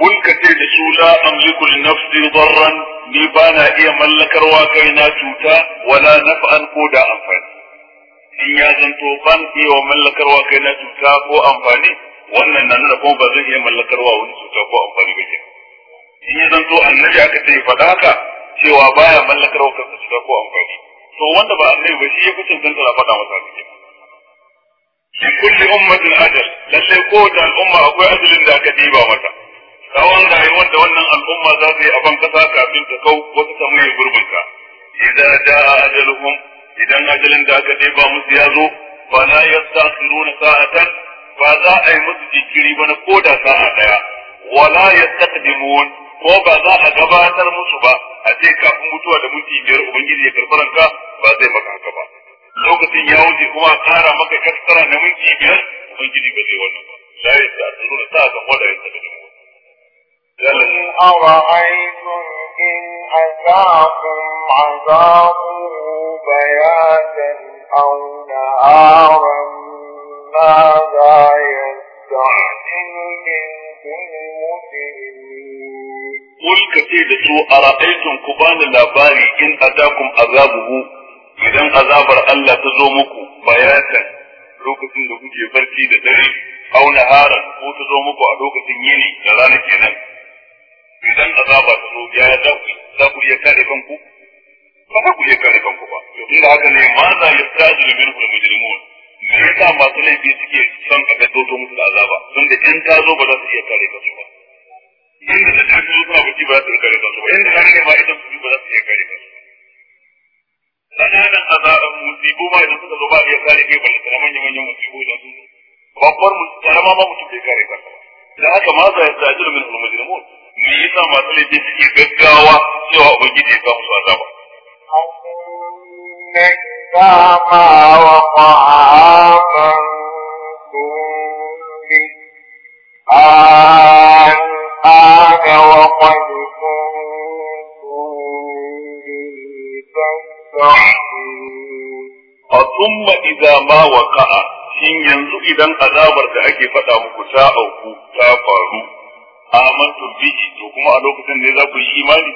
kun ce da su la amliku li nafsi darran ni ba na iya mallakarwa kaina cuta wala naf'an ko da amfani in ya zanto ban iya mallakarwa kaina cuta ko amfani wannan na nuna ko ba zan iya mallakarwa wani cuta ko amfani ba kenan in ya zanto annabi aka ce faɗa haka cewa baya mallakarwa kansa cuta ko amfani to wanda ba annabi ba shi ya fi cancanta na faɗa masa haka kenan li kulli ummatin ajal lallai kowace al'umma akwai ajalin da aka diba mata tsawon rayuwar da wannan al'umma za su yi a ban kasa kafin ka kau wasu ta mai gurbin ka idan da ajaluhum idan ajalin da aka ba musu ya zo ba sa su nuna sa'atan ba za a yi musu jikiri ba na koda sa'a daya wala ya yastaqdimun ko ba za a gabatar musu ba a ce kafin mutuwa da minti biyar ubangiji ya karɓi ranka ba zai maka haka ba lokacin ya wuce kuma a ƙara maka kaskara na minti biyar ubangiji ba zai wannan ba la yastakhiruna sa'atan wala yastaqdimun أرأيتم إن أتاكم عذابه بياتا أو نهارا ماذا يستعجل منه المسلمين قل كثير سوء أرأيتم كبان لاباري إن أتاكم عذابه idan azabar Allah ta zo muku bayatan lokacin da kuke barci da dare auna ko ta zo muku a lokacin yini da rana kenan idan azaba ta zo ya za ku za ku iya kare kanku ba za ku iya kare kanku ba to inda haka ne ma za ya tsazu da minhul mujrimun me yasa masu laifi suke son a gado to musu da azaba don da in ta zo ba za su iya kare kansu ba da ta tafi zo suna baki ba za su iya kare kansu ba inda ta ne idan su ba za su iya kare kansu A azaban musibu ma idan suka zo ba iya kare kai balle da manyan manyan musibu idan sun zo babbar musibu karama ma mutum bai kare kansa ba da haka ma za ya tsazu da minhul mujrimun me yasa masu laifi suke gaggawa cewa ubangiji ya kawo su azaba كما وقع منكم به الآن وقد ثم إذا ما وقع shin yanzu idan azabar da ake faɗa muku ta auku ta faru amantu bihi to kuma a lokacin ne za ku yi imani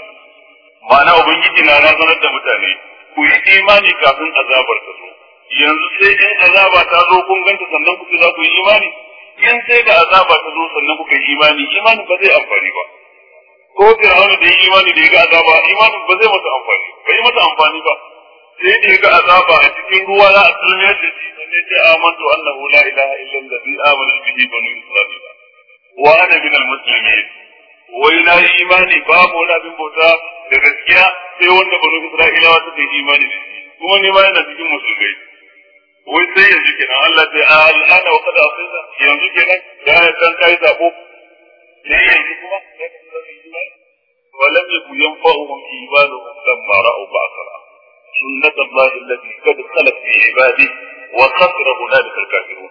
ma'ana ubangiji na razanar da mutane ku yi imani kafin azabar ta zo yanzu sai in azaba ta zo kun ganta sannan ku za ku yi imani in sai da azaba ta zo sannan kuka yi imani imani ba zai amfani ba ko fir'auna da yi imani da ya ga azaba imanin ba zai masa amfani ba yi masa amfani ba sai da ya ga azaba a cikin ruwa za a tsirmiyar da shi sannan ya ce amantu annahu la ilaha illallah bi amanu bihi banu isra'ila wa ana min almuslimin wai na imani babu wani abin bauta da gaskiya sai wanda banu isra'ilawa suka yi imani da shi kuma ni ma yana cikin musulmai wai sai yanzu kenan Allah sai a al'ana wa kada asaita yanzu kenan da ya san kai zabo ne yanzu kuma ولم يكن ينفعهم إيمانهم لما رأوا بأسنا سنة الله التي قد خلت في عباده وخسر هنالك الكافرون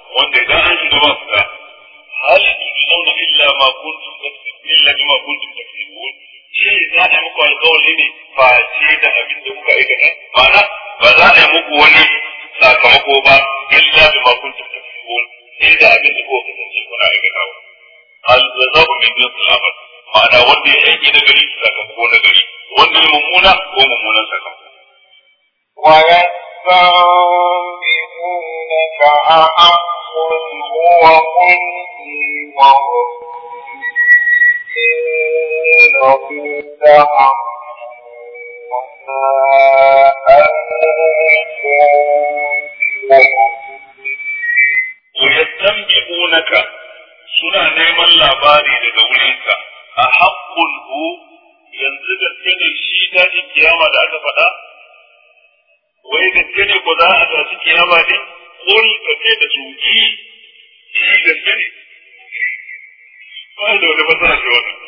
wanda idan an shiga ba fita hal tujzauna illa ma kuntum taksibun illa bima kuntum taksibun shi za a muku alƙawari ne ba ce da abin da kuka aikata ma'ana ba za a yi muku wani sakamako ba illa bima kuntum taksibun sai da abin da kuka kasance kuna aikatawa hal jazaa'u min jinsil amal ma'ana wanda ya aiki na gari sakamako na gari wanda ya mummuna ko mummunan sakamako ويستنبئونك أحق هو قلبي وهو ويستنبئونك suna neman labari daga wurinka a haƙƙun yanzu gaske ne shi da aka faɗa wai ne za a ne كل تتابع زوجي جيدا جدي فهل دولي بسرع جوانا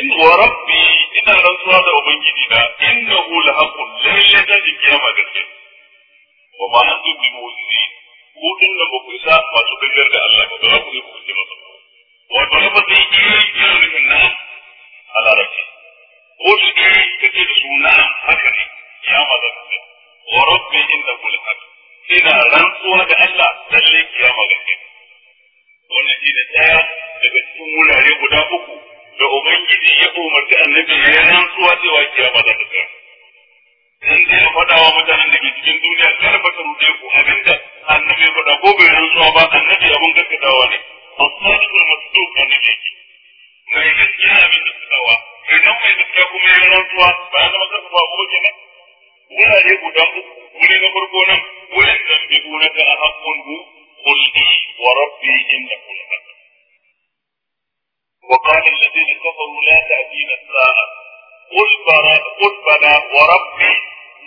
إن وربي إن رسول الله من جدنا إنه لحق لا يدى لكيامة جدي وما أنت بموسي كل ما بقسا ما تبذر دا الله مدرى كل مخصي مصر وطلب تيجي جاري من نام على رسي قل تيجي تتابع زوجنا هكذا يا مدرسة wa rabbi innahu al-haq ina rantsuwa da Allah lalle kiyama gaske wannan shi ne daya daga cikin wurare guda uku da ubangiji ya umarci annabi ya rantsuwa cewa kiyama za ta tsaya dan zai faɗa wa mutanen da ke cikin duniya kar ba ta rude ku da annabi ya faɗa ko bai rantsuwa ba annabi abun gaskatawa ne الصادق المصدوق النبي ما يجب أن يكون من السماوات إنما إذا كان من الرسول فأنا ما ko أقول wurare guda uku wuri na farko nan wurin zan bi gona ta a وقال الذين كفروا لا تأتينا الساعة قل بلى قل بلى وربي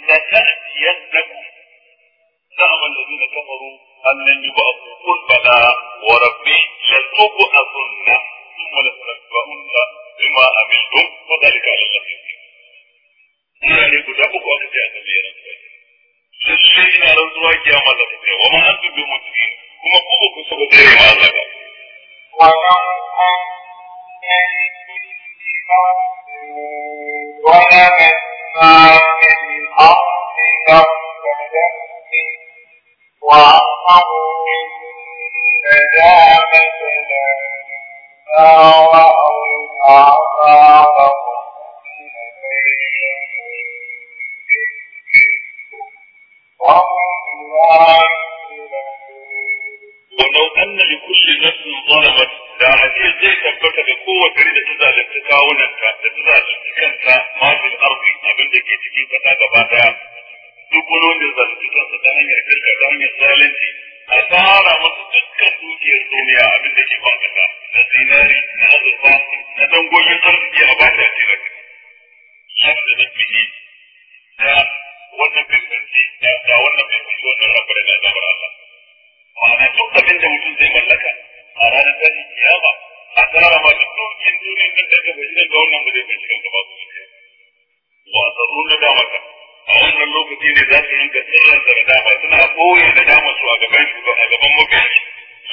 لتأتينكم زعم الذين كفروا أن لن يبعثوا قل بلى وربي لتبعثن ثم لتنبؤن بما عملتم وذلك على الله يسير wurare guda uku aka ce annabi ya rantsuwa lallai ina rantsuwa kiyama za ta wa ma an dubbe mutum kuma ku ba ku saba tsere ma Allah ba ولبثنا في الأرض كالكهف وأعظم الندامة لما رأوا العذاب ولو أن لكل نفس ظلمت da ajiya zai tabbata da kowace da ta zalunta kawunanta da ta zalunta kanta ma fil abin da ke cikin kasa gaba daya duk wani wanda zalunta kansa ta hanyar kirka ta hanyar zalunci a tsara masa dukkan dukiyar duniya abin da ke na zinari na na a ba ta tilafi. Shafi da wannan bai fanci da wannan bai wannan rabu da azabar Allah ma'ana duk abin da mutum zai mallaka a ranar tashi kiyama a tsara ma duk dokin duniyar nan da gaba shi ga wannan ba zai fanci kanka su ne wa tsaro na damaka a wannan lokaci ne za su rinka sirrin da dama suna koyar da dama su a gaban shugaban a gaban mabiyansu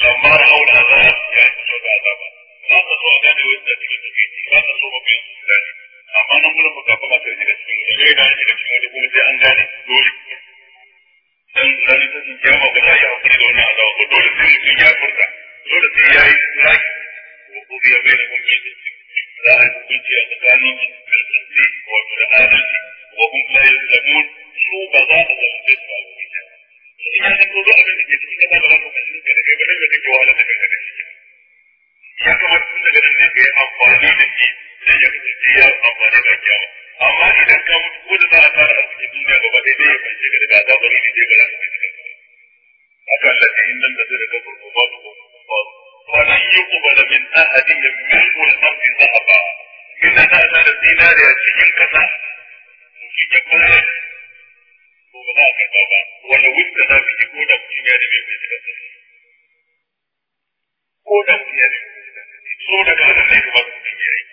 lamma da haura za su yi a cikin da azaba za ka so a gane wani da cikin da ke za ka so mabiyansu su gane amma nan gurin baka kamata ya shiga cikin wani gaida ya shiga cikin wani kuma sai an gane dole dan ranar ta cikin ba za a yi hakuri da wannan azawa ba dole sai mutum ya furta dole sai ya yi tsaki ko gobe ya bai da kuma da shi za a yi hukunci a tsakanin da adalci Kuma kun la yuzlamun su ba za a zalunce su ba Ina ya zanto duk abin da ke cikin kasa ba za ka kashe da ke da kai ka kashe ya kamata tun daga nan ne ka amfani da shi sai ya rubuci ya amfani da kyawa amma idan ka mutu ko da za a tara arzikin duniya gaba ɗaya zai fahimci ka daga azabar ne zai bara ka fahimci kanka haka Allah ta inda da zai daga farko ba su ba wannan yi kubala min ahadin ya milkul amfi zahaba min na da da zinariya cikin kasa mutum ya kare ko ba za a karɓa ba wani wuce za ku ji ko da mutum ya da bai fahimci kanka ko da mutum ya da bai fahimci kanka so daga hannun ne kamar mutum ya yi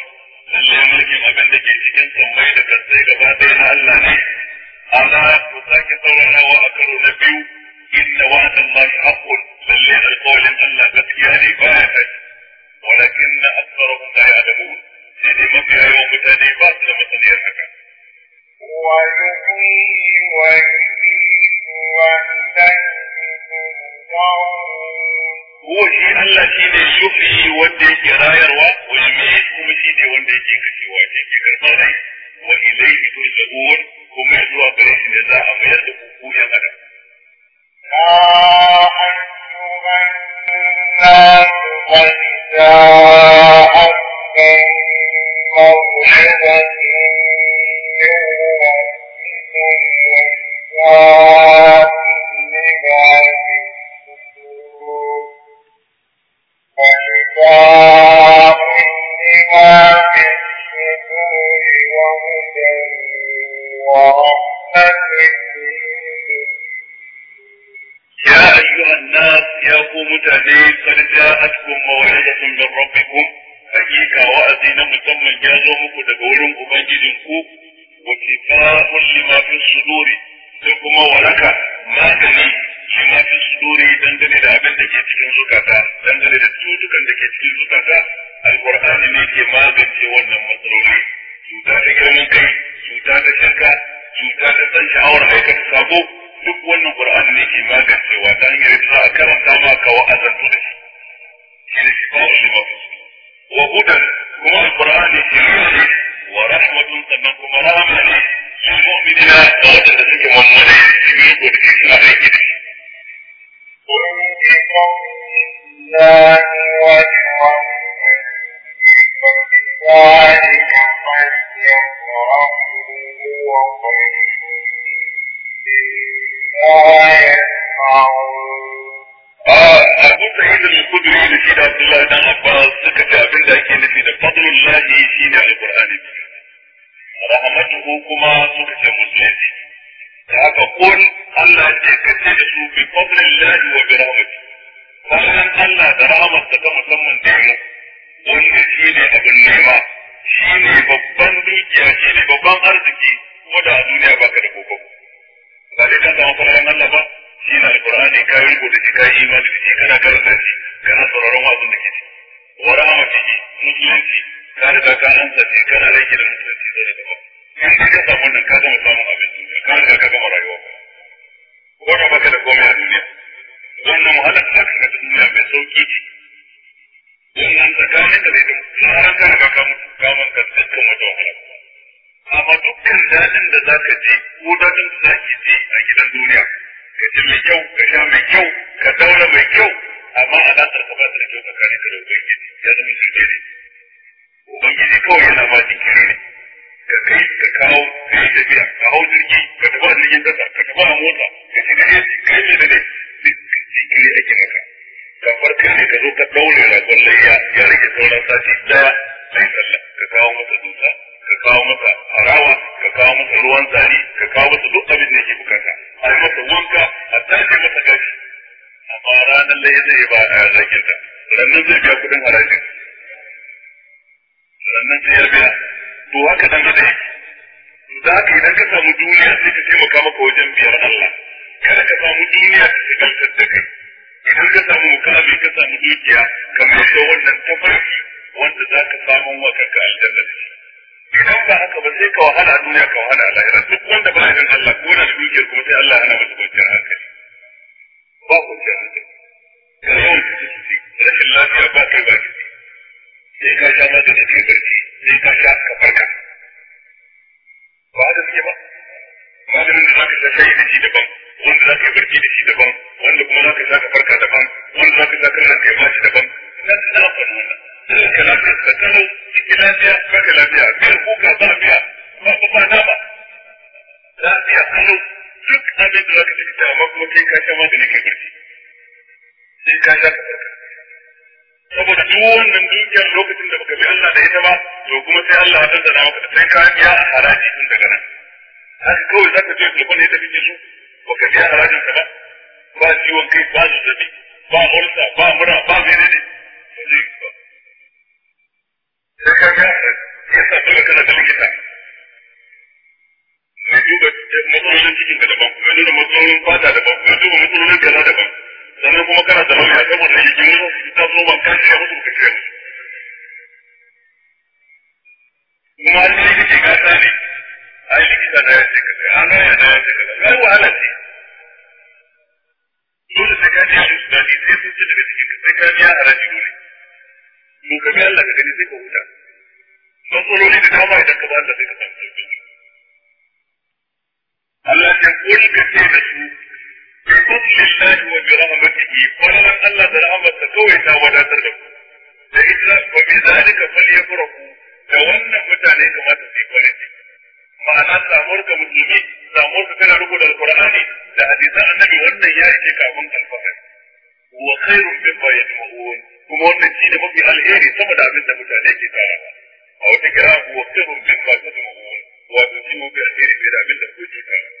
lallai mulkin abin da ke cikin sammai da kasai gaba ɗaya na Allah ne ala ku sake saurarawa a karo na biyu inna wa'adan lahi haqqun lallai alqawlin Allah gaskiya ne baya kai walakin na aktsaruhum la ya'lamun sai dai mafi yawan mutane ba su da masaniyar haka ويحيي ويميت وإليه ترجعون huwa shi Allah shi ne yuhyi wanda yake rayarwa wa yumiit kuma shi ne wanda yake kashewa yake karɓar rai wa ilayhi turja'un kuma zuwa gare shi ne za a mayar da ku ya kada ya ayyuhan nas qad ja'akum maw'idatun min rabbikum wa وراء ما في الصدور وهدى ورحمة يا أيها الناس يا قوم تاني قد جاءتكم موعظة من ربكم حقيقة وأذينا مسمى جازهم قد قولهم أبنجدكم وكتاب لما في الصدور لكم ولك ما دليل shi ma fi suduri dangane da abin da ke cikin zukata dangane da cutukan da ke cikin zukata alqur'ani ne ke magance wannan matsaloli cuta ta girman kai cuta ta shakka cuta ta san sha'awar aikata sabo duk wannan qur'ani ne ke magancewa ta hanyar da za karanta ma ka wa'azantu da shi shi ne kitabul lima wa hudan kuma alqur'ani shiriya ne wa rahmatun sannan kuma rahama ne lil mu'minina ga wadanda suke mummune su yi gudu suna aiki da shi قل بقول الله ولرسوله ولذلك فليفرحوا وقل لا يسمعون Abu Sa'id da da Abdullahi da da al da haka kun Allah ya kace da su bi fadlillahi wa bi rahmati wannan Allah da rahmatsa ta musamman da mu ne shi ne abin nema shi ne babban dukiya shi ne babban arziki kuma da duniya baka da koko ba dai kan samu fararen Allah ba shi ne alkur'ani ka yi riko da shi ka yi imani da shi kana karanta shi kana sauraron abin da ke ci wa rahmatihi musulunci ka riga ka ansa shi kana rage da musulunci zo da gaba in ka samu wannan ka gama samun abin duniya ka riga ka gama rayuwa ko da baka da komai a duniya wannan wahalar da ka duniya mai sauki ce wannan tsakanin da zai da tsaron ka riga ka mutu ka manka dukkan wata wahala amma dukkan daɗin da za ka ji ko daɗin da za ki ji a gidan duniya ka ci mai kyau ka sha mai kyau ka daura mai kyau amma alaƙar ka ba ta da kyau tsakanin ka da ubangiji ya zama shirke ne ubangiji kawai yana ba kiri ne Ka kai da kawo kai da biya ka hau jirgi ka tafi a jirgin kasa ka tafi a mota ka shiga jeji kai ne, da dai jinkiri ake maka ka farka ne ka zo ka daure ragon layya ya rage sauran sati daya sai sallah ka kawo masa dutsa ka kawo masa harawa ka kawo masa ruwan zari ka kawo masa duk abin da yake bukata a yi masa wanka a tace masa gashi amma ranar layya zai ba a zakinta sannan zai biya kuɗin harajin sannan zai ya biya to haka dan da za ka idan ka samu duniya sai ka taimaka maka wajen biyar Allah kada ka samu duniya ka shigantar da kai idan ka samu mukami ka samu dukiya ka mai da wannan tafarki wanda za ka samu wa kanka aljanna da shi idan ba haka ba sai ka wahala duniya ka wahala lahira duk wanda ba irin Allah ko na dukiyar kuma sai Allah hana masa kwanciyar hankali ba kwanciyar hankali ka yawan rashin lafiya ba kai ba ki sai ka sha magani kai barci sai ka sha ka farka ba haka suke ba maganin da zaka sha shayi da shi daban wanda zaka yi barci da shi daban wanda kuma zaka sha ka farka daban wanda zaka sha kan ranka ya bashi daban na da lafiya wannan ka lafiya ka tano cikin lafiya ka ka lafiya biyar ko ka ba biya ba ba ba nama lafiya tano duk abin da zaka ci amma kuma kai ka sha magani kai barci sai ka sha ka farka saboda duk wannan dukiyar lokacin da baka bi Allah da ita ba to kuma sai Allah ya dandana maka sai ka biya haraji tun daga nan haka kawai za zaka je ka kwana da kake so baka biya harajin ka ba ba ciwon kai ba zazzabi ba ulsa ba mura ba menene ba zai ba sai ka ga yasa dole kana da likita mai duba matsalolin cikin ka daban mai duba matsalolin fata daban mai duba matsalolin kaza daban sannan kuma kana da mamiya saboda shi jin musu ta zo ban kan shi musu ka ce kuma an ne kike gata ne ai likita da ya ce ka sai an ya da ya ce ka sai wahala ce dole sai ka ji su dadi sai sun ce daga cikin sai ka ya haraji dole mun ka bi Allah ka gani sai ka huta matsaloli da dama idan ka ba Allah sai ka samu sauƙin Allah ya koli ka ce da su bi fadlillahi wa bi rahmatihi falalan Allah da rahmatsa kawai ta wadatar da ku da ita wa bi zalika falyafrahu da wannan mutane kamata su yi farin ma'ana samuwar musulmi samuwar ka kana rubuta da hadisan annabi wannan ya yake kafin kuma wannan mafi alheri sama da abin da mutane ke tarawa a wata kira wa khairun mimma yajma'un wato shi mafi alheri fiye da abin da kuke tarawa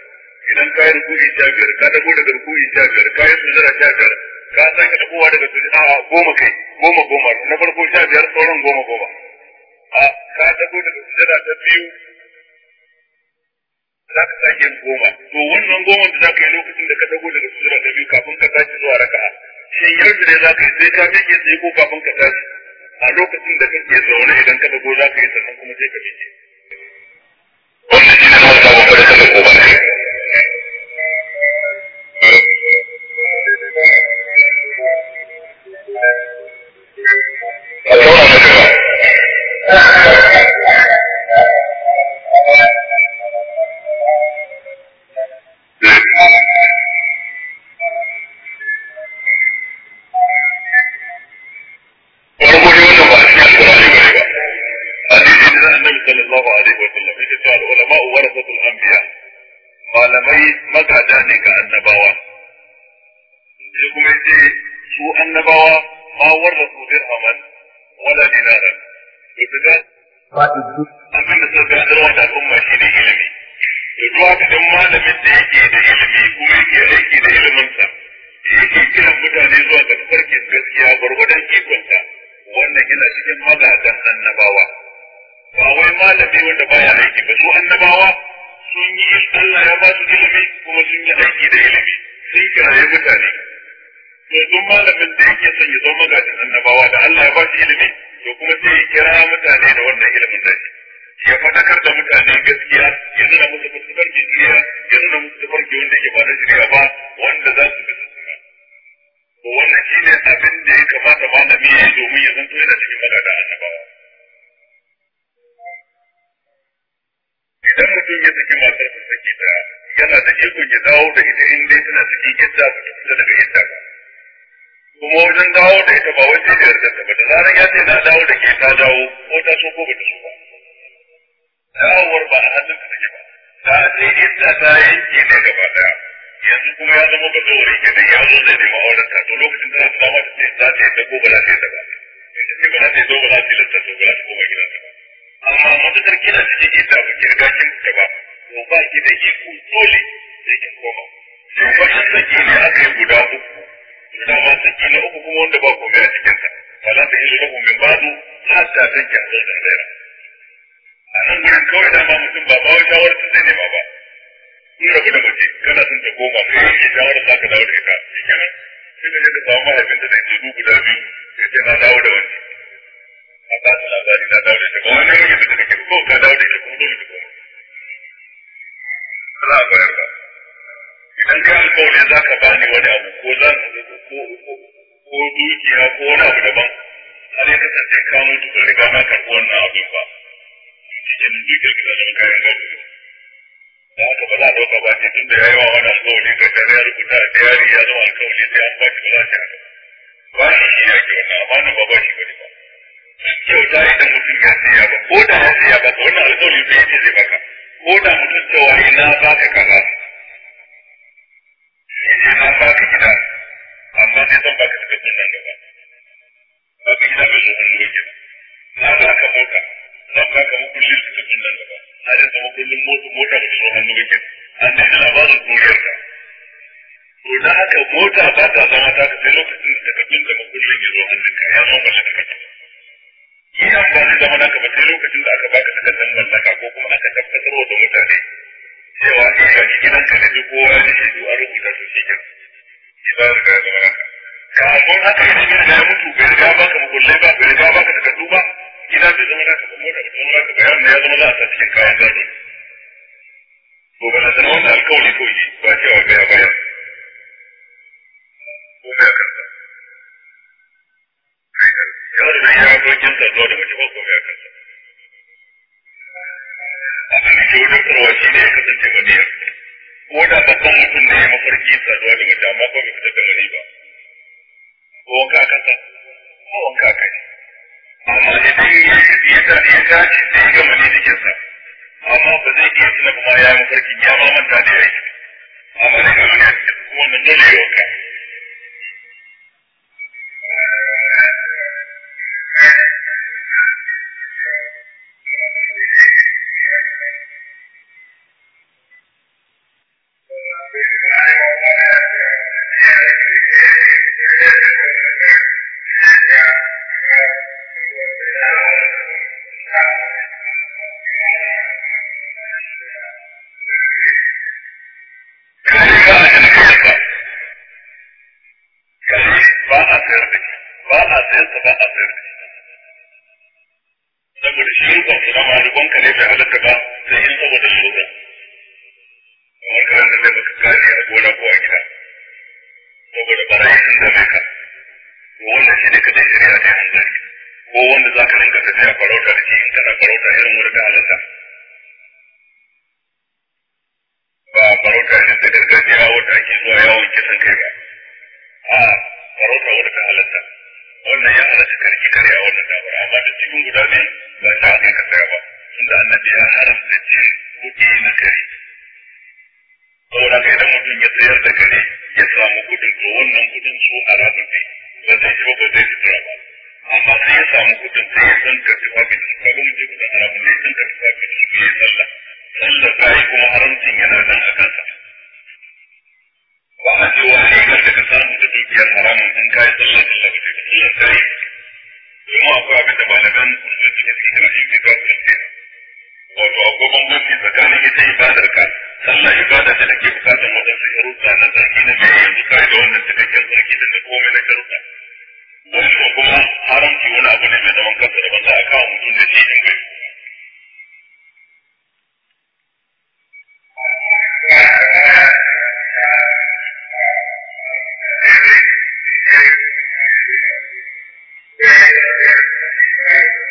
idan ka yi rukuni sha biyar ka dago daga rukuni sha biyar ka yi sujjada sha biyar ka sake dagowa daga sujjada a goma kai goma goma na farko sha biyar sauran goma goma a ka dago daga sujjada ta biyu za ka sake goma to wannan goma da za ka yi lokacin da ka dago daga sujjada ta biyu kafin ka tashi zuwa a shin yanzu ne za ka yi sai ka miƙe sai ko kafin ka tashi a lokacin da kake zaune idan ka dago za ka yi sannan kuma sai ka miƙe wannan shi ne na wata bakwai da ta dago ba ne annabawa ما ورثوا درهما ولا دينارا وبذلك abin da suka gadarwa da al'umma shi ne ilimi da duk haka dan malamin da yake da ilimi kuma yake aiki da iliminsa yake kiran mutane zuwa ga tafarkin gaskiya gwargwadon ikonta wannan yana cikin magadan annabawa ba wai malami wanda baya aiki ba su annabawa sun yi Allah ya ba su ilimi kuma sun yi aiki da ilimi sun kiraye mutane to yanzu malamin da yake son ya zo magajin annabawa da Allah ya ba shi ilimi to kuma sai ya kira mutane da wannan ilimin da ya faɗakar da mutane gaskiya ya nuna musu fuskar jiriya ya nuna musu tafarki wanda ke ba da jiriya ba wanda za su bi to wannan shi ne abin da ya kamata malami ya yi domin ya zanto yana cikin magajin annabawa idan mutum ya saki matar sa saki ta yana da ikon ya dawo da ita in dai tana cikin yadda ba ta fita daga yadda ba kuma wajen dawo da ita ba wajen da yarda ta ba da zaran ya ce na dawo da ke ta dawo ko ta so ko bata so ba dawowar ba a hannun ta take ba ta ce inda ta yanke ne gaba daya yanzu kuma ya zama ba zaure idan ya zo zai nema auren ta to lokacin da ta dama ta ce za ta yadda ko ba za ta yadda ba idan ce ba za ta yadda ba za ta yadda to ba za ta ba amma matukar kina cikin ita ba ki riga kin fita ba to ba ki da iko dole sai kin koma. Wannan sake ne aka yi guda uku amma masu na uku kuma wanda ba komai a cikinsa fala ta hilu lahu min ba'du hatta tanki azza ghaira a nan gurin kawai dama mutum ba bawa shawarar ta zai nema ba in rabu da mace kana son ta koma kai yi shawarar za ka dawo da ita shi kenan sai ka je ka samu mahaifinta da ke biyu ya ce na dawo da wani a ba ta labari na dawo da ita ba wani yanki da kake ko ka dawo da ita kuma dole ta koma bayar kan ka alƙawarin za ka bani wani abu ko za ko ko dukiya ko wani abu daban har kasance ka mutu ka riga na karɓi wannan abin ba shi ke nan dukiyar ka zama kayan gado da haka ba za a ɗauka ba ce tun da ya yi wa wani alƙawari ka tare ya rubuta tayari ya zama alƙawari sai an ba shi ba za ta haka ba shi shi ya ke wannan amana ba ba shi ba ne ba kyauta idan mutum ya siya ba ko da ya siya ba wannan alƙawari bai ya ce zai baka ko da mutum cewa ina ba ka kaza baka makullin littafin nan gaba har yanzu makullin mota mota ba ta hannu ba kenan an daina labarin koriyar ka to da haka mota ba ta zama ta ka sai lokacin da ka tunda makullin ya zo hannun ka ya zama ta. ka yi amfani da mana ka ba sai lokacin da aka baka takardar mallaka ko kuma aka tabbatar wa mutane cewa eh ga gidan ka ne duk kowa ne shi a rubuta su shi kenan ba ya riga ya zama naka kafin haka idan ya riga ya mutu bai riga ka makullai ba bai riga ka takardu ba gida bai zama za ka ba mota bai zama za ka ba ya zama za a sa cikin kayan gado to ba na sana wannan alkawari ko yi ba cewa gaya baya ko mai a kansa yaro ne ya zo kin saduwa da mace ba ko mai a kansa da wajen tsarwa shi ne ya kasance maniyar ko da babban mutum ne mafarki saduwa da mace amma ko bai fitar da mani ba ko wanka a kansa ko wanka a amma idan ya ya da ya dace sai ga ne cikin sa amma ba zai iya tuna kuma ya yi mafarkin ya ma manta da yayi amma da ga wani wannan dole ya wanka ka ne bai halatta ba sai in saboda lura kamar karen da zai maka gane a gona ko a gida saboda barayi sun zame ka wannan shi ne kadai shari'a ta hanzari ko wanda za ka rinka tafiya farauta da shi in kana farauta irin wurin da halatta ba farauta ne ta gargajiya wanda ake zuwa yawon kisan kai ba a farauta wanda ta halatta wannan ya halatta karki karya wannan damar amma da cikin guda biyu ba ta hakan ka tsaya ba tunda annabi ya haramta cin kuɗi na kare saboda haka idan mutum ya sayar da kare ya samu kuɗin to wannan kuɗin su haramun ne ba zai ci ba zai fitura ba amma sai ya samu kuɗin sai ya san ka tufafi da su kaga mutum kuɗin haramun ne san ka tufafi da su ya yi sallah sallah ta yi kuma haramcin yana nan a kansa ba a cewa rigar da ka samu da dukiyar haramun in ka yi sallah sallah ba ta yi sallah ta yi domin akwai abin da malaman musulunci da suke kira shi kitabun wato akwai bambanci tsakanin ita ibadar ka sallah ibada da take bukatar wadansu sharuɗa na tsarki na mai yanzu kai da wannan cikakken tsarki da komai na sharuɗa wannan kuma haramci wani abu ne mai zaman kansa da ba za a kawo mutum da shi in bai Thank you.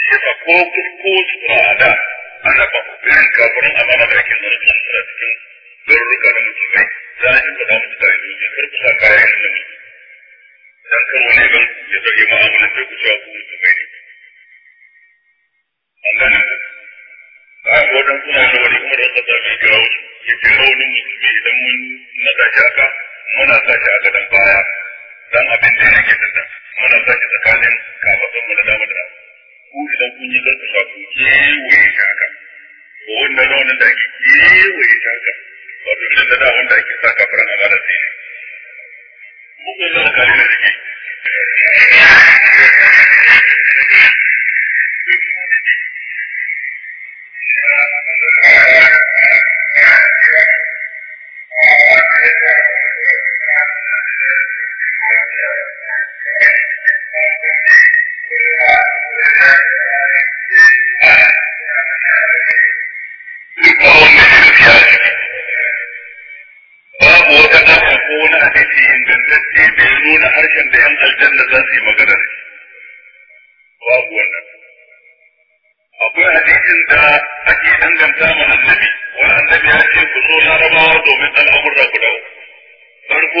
shi yasa ko ko tsada ana ba irin kafirin amana da ake nuna kan tsara cikin garuruka da musulmai za a yi faɗa musu tare da kar sa kayan annabi dan kan wani ban ya zage ma'amalan da ku cewa ku musulmai ne an gane ku a wajen suna da wani kuma da wata zafi ga wasu ya ce raunin musulmi idan mun na sa shi haka muna sa shi haka dan baya dan abin da yake rauni za sa ku kewaye ta haka to wannan raunin da kewaye ta wato irin da da wanda ake sa ne zan kare jiki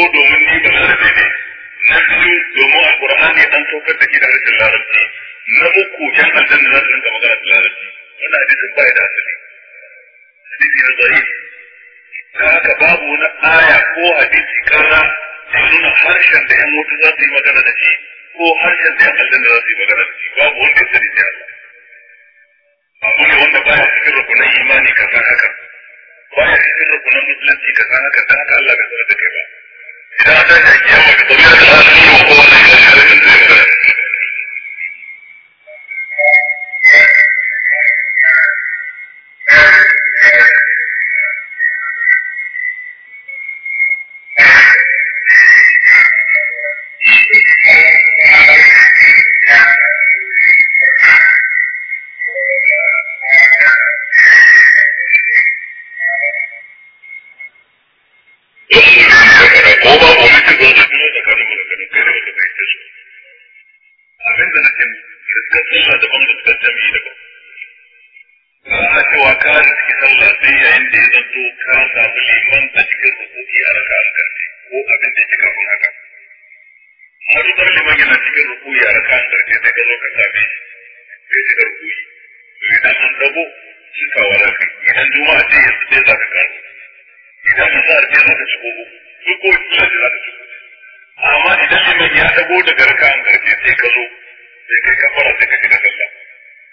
farko domin ni da larabe ne na biyu domin ne an saukar da gidan rashin larabci na uku yan aljanna za su rinka magana da larabci wannan hadisin ba ya da asali hadisi na zahiri da haka babu wani aya ko hadisi kara da nuna harshen da yan mutu za su yi magana da shi ko harshen da yan aljanna za tafiya da kan karfe sai ka zo ka same shi sai ka rubu idan an dago cikawa da kai idan juma'a ce yanzu dai za ka kawo idan an za a za ka ci gogo duk ko kila ce za ka ci amma idan liman ya dago daga rakan karfe sai ka zo sai ka kafara sai ka shiga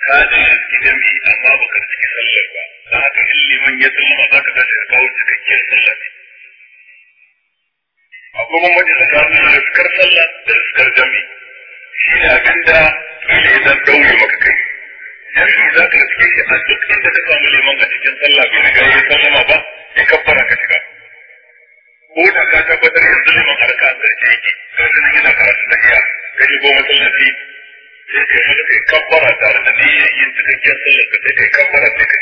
sallah ka ji riski jami'i amma ba ka ciki sallar ba da haka in liman ya sallama za ka tashi ka kawo cikakkiyar sallah akwai bambanci tsakanin riskar sallah da riskar jami'i shi ne abin da dole ya zan daure maka kai yanzu za ka riske shi a duk inda ta samu liman a cikin sallah bai riga ya sallama ba ya kabbara ka shiga ko da ka tabbatar yanzu liman harka a sarki yake ga nan yana karatu da iya ka shigo masallaci sai ka yi. kai kabbara tare da niyyar yin cikakkiyar sallar ka sai kai kabbara sai ka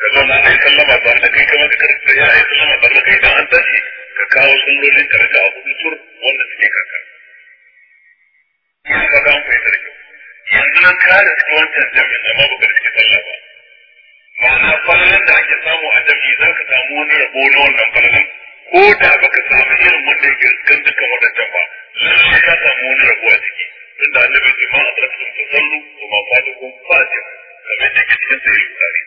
ka zauna a yi sallama tare da kai kamar ka karanta ya yi sallama tare da kai idan an tashi ka kawo sunnolin ka raka a hudu tur wanda suke kankan yana da kan fahimta da kyau yanzu nan ka da cikin wancan jami'in amma ba ka rike sallah ba ma'ana falalan da ake samu a jami'i za ka samu wani rabo na wannan falalan ko da ba ka samu irin wanda yake kan dukkan waɗancan ba lallai ka samu wani rabo a ciki tun da annabi ce ma a tsarkin ta sallu ko ma falikun fatim kamar da ke cikin sayi bukari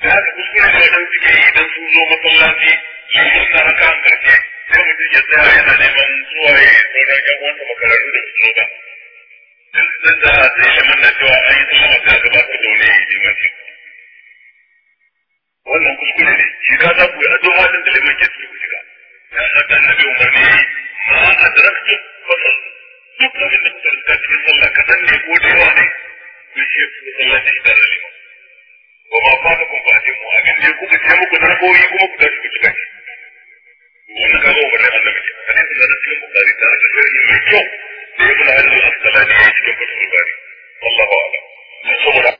da haka kuskure da wajen suke yi idan sun zo masallaci sun zo na raka an karshe sai mutum ya tsaya yana neman zuwa ya sauran yan uwansa makararru da su zo ba zan da a tsaye da manna cewa an yi zama maka gaba ka da wani limanci wannan kuskure ne shiga za ku yi addu'a din da limanci su ku shiga ya haka annabi umarni ma adraktu fasal duk abin da kuka rinka cikin sallah ka kadan ne ko da yawa ne ku shi ku sallah da idan liman wa ma fata kun ba ce mu a abin ne kuka ce muku na koyi kuma ku tashi ku shiga wannan kaga umarni annabi ne hadisi na cikin bukari ta da shirin mai kyau da ibn hajar al-asqalani ya yi cikin fatul bari wallahu